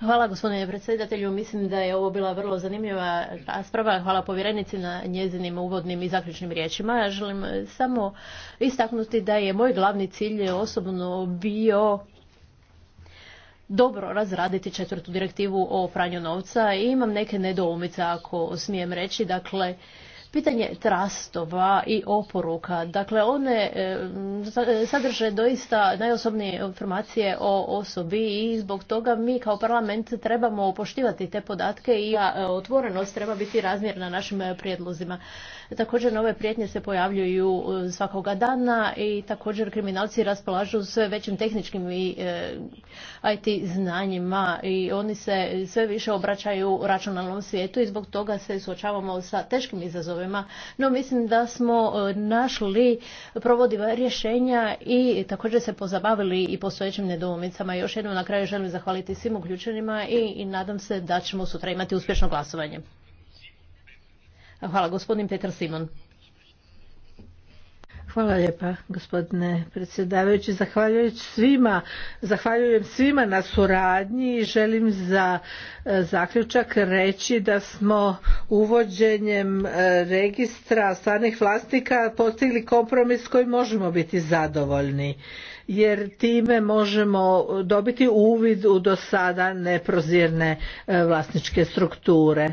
Hvala gospodine predsjedatelju. Mislim da je ovo bila vrlo zanimljiva rasprava. Hvala povjerenici na njezinim uvodnim i zaključnim riječima. Želim eh, samo istaknuti da je moj glavni cilj osobno bio dobro razraditi četvrtu direktivu o pranju novca i imam neke nedoumice ako smijem reći. Dakle, pitanje trastova i oporuka. Dakle, one e, sadrže doista najosobnije informacije o osobi i zbog toga mi kao parlament trebamo poštivati te podatke i e, otvorenost treba biti razmjerna našim prijedlozima. Također nove prijetnje se pojavljuju e, svakoga dana i također kriminalci raspolažu sve većim tehničkim i IT znanjima i oni se sve više obraćaju računalnom svijetu i zbog toga se suočavamo sa teškim izazovima izazovima, no mislim da smo e, našli provodiva rješenja i također se pozabavili i postojećim nedoumicama. Još jednom na kraju želim zahvaliti svim uključenima i, i nadam se da ćemo sutra imati uspješno glasovanje. Hvala, gospodin Petar Simon. Hvala lijepa gospodine predsjedavajući. Zahvaljujem svima, zahvaljujem svima na suradnji i želim za e, zaključak reći da smo uvođenjem e, registra stvarnih vlasnika postigli kompromis koji kojim možemo biti zadovoljni jer time možemo dobiti uvid u do sada neprozirne e, vlasničke strukture.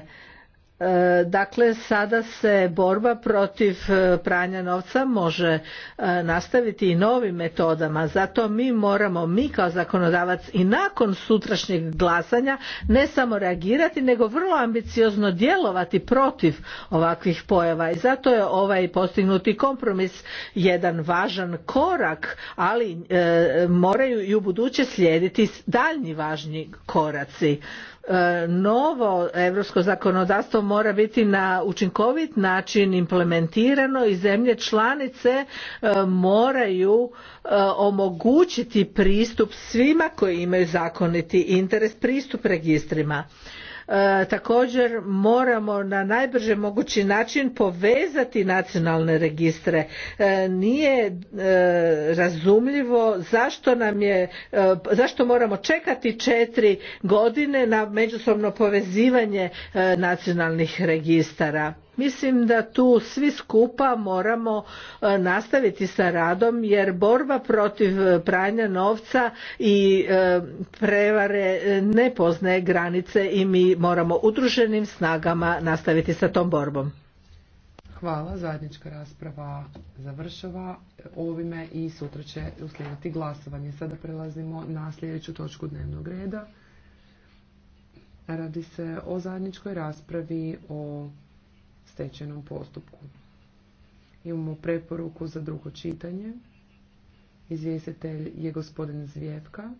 E, dakle, sada se borba protiv e, pranja novca može e, nastaviti i novim metodama. Zato mi moramo, mi kao zakonodavac i nakon sutrašnjeg glasanja ne samo reagirati, nego vrlo ambiciozno djelovati protiv ovakvih pojava. I zato je ovaj postignuti kompromis jedan važan korak, ali moraju i u buduće slijediti daljnji važni koraci. E, novo europsko zakonodavstvo mora biti na učinkovit način implementirano i zemlje članice e, moraju e, omogućiti pristup svima koji imaju zakoniti interes pristup registrima E, također moramo na najbrže mogući način povezati nacionalne registre e, nije e, razumljivo zašto nam je zašto moramo čekati četiri godine na međusobno povezivanje nacionalnih registara Mislim da tu svi skupa moramo e, nastaviti sa radom jer borba protiv e, pranja novca i e, prevare ne poznaje granice i mi moramo udruženim snagama nastaviti sa tom borbom. Hvala, zajednička rasprava završava ovime i sutra će uslijediti glasovanje. Sada prelazimo na sljedeću točku dnevnog reda. Radi se o zajedničkoj raspravi o stečenom postupku. Imamo preporuku za drugo čitanje. Izvjestitelj je gospodin Zvijevka.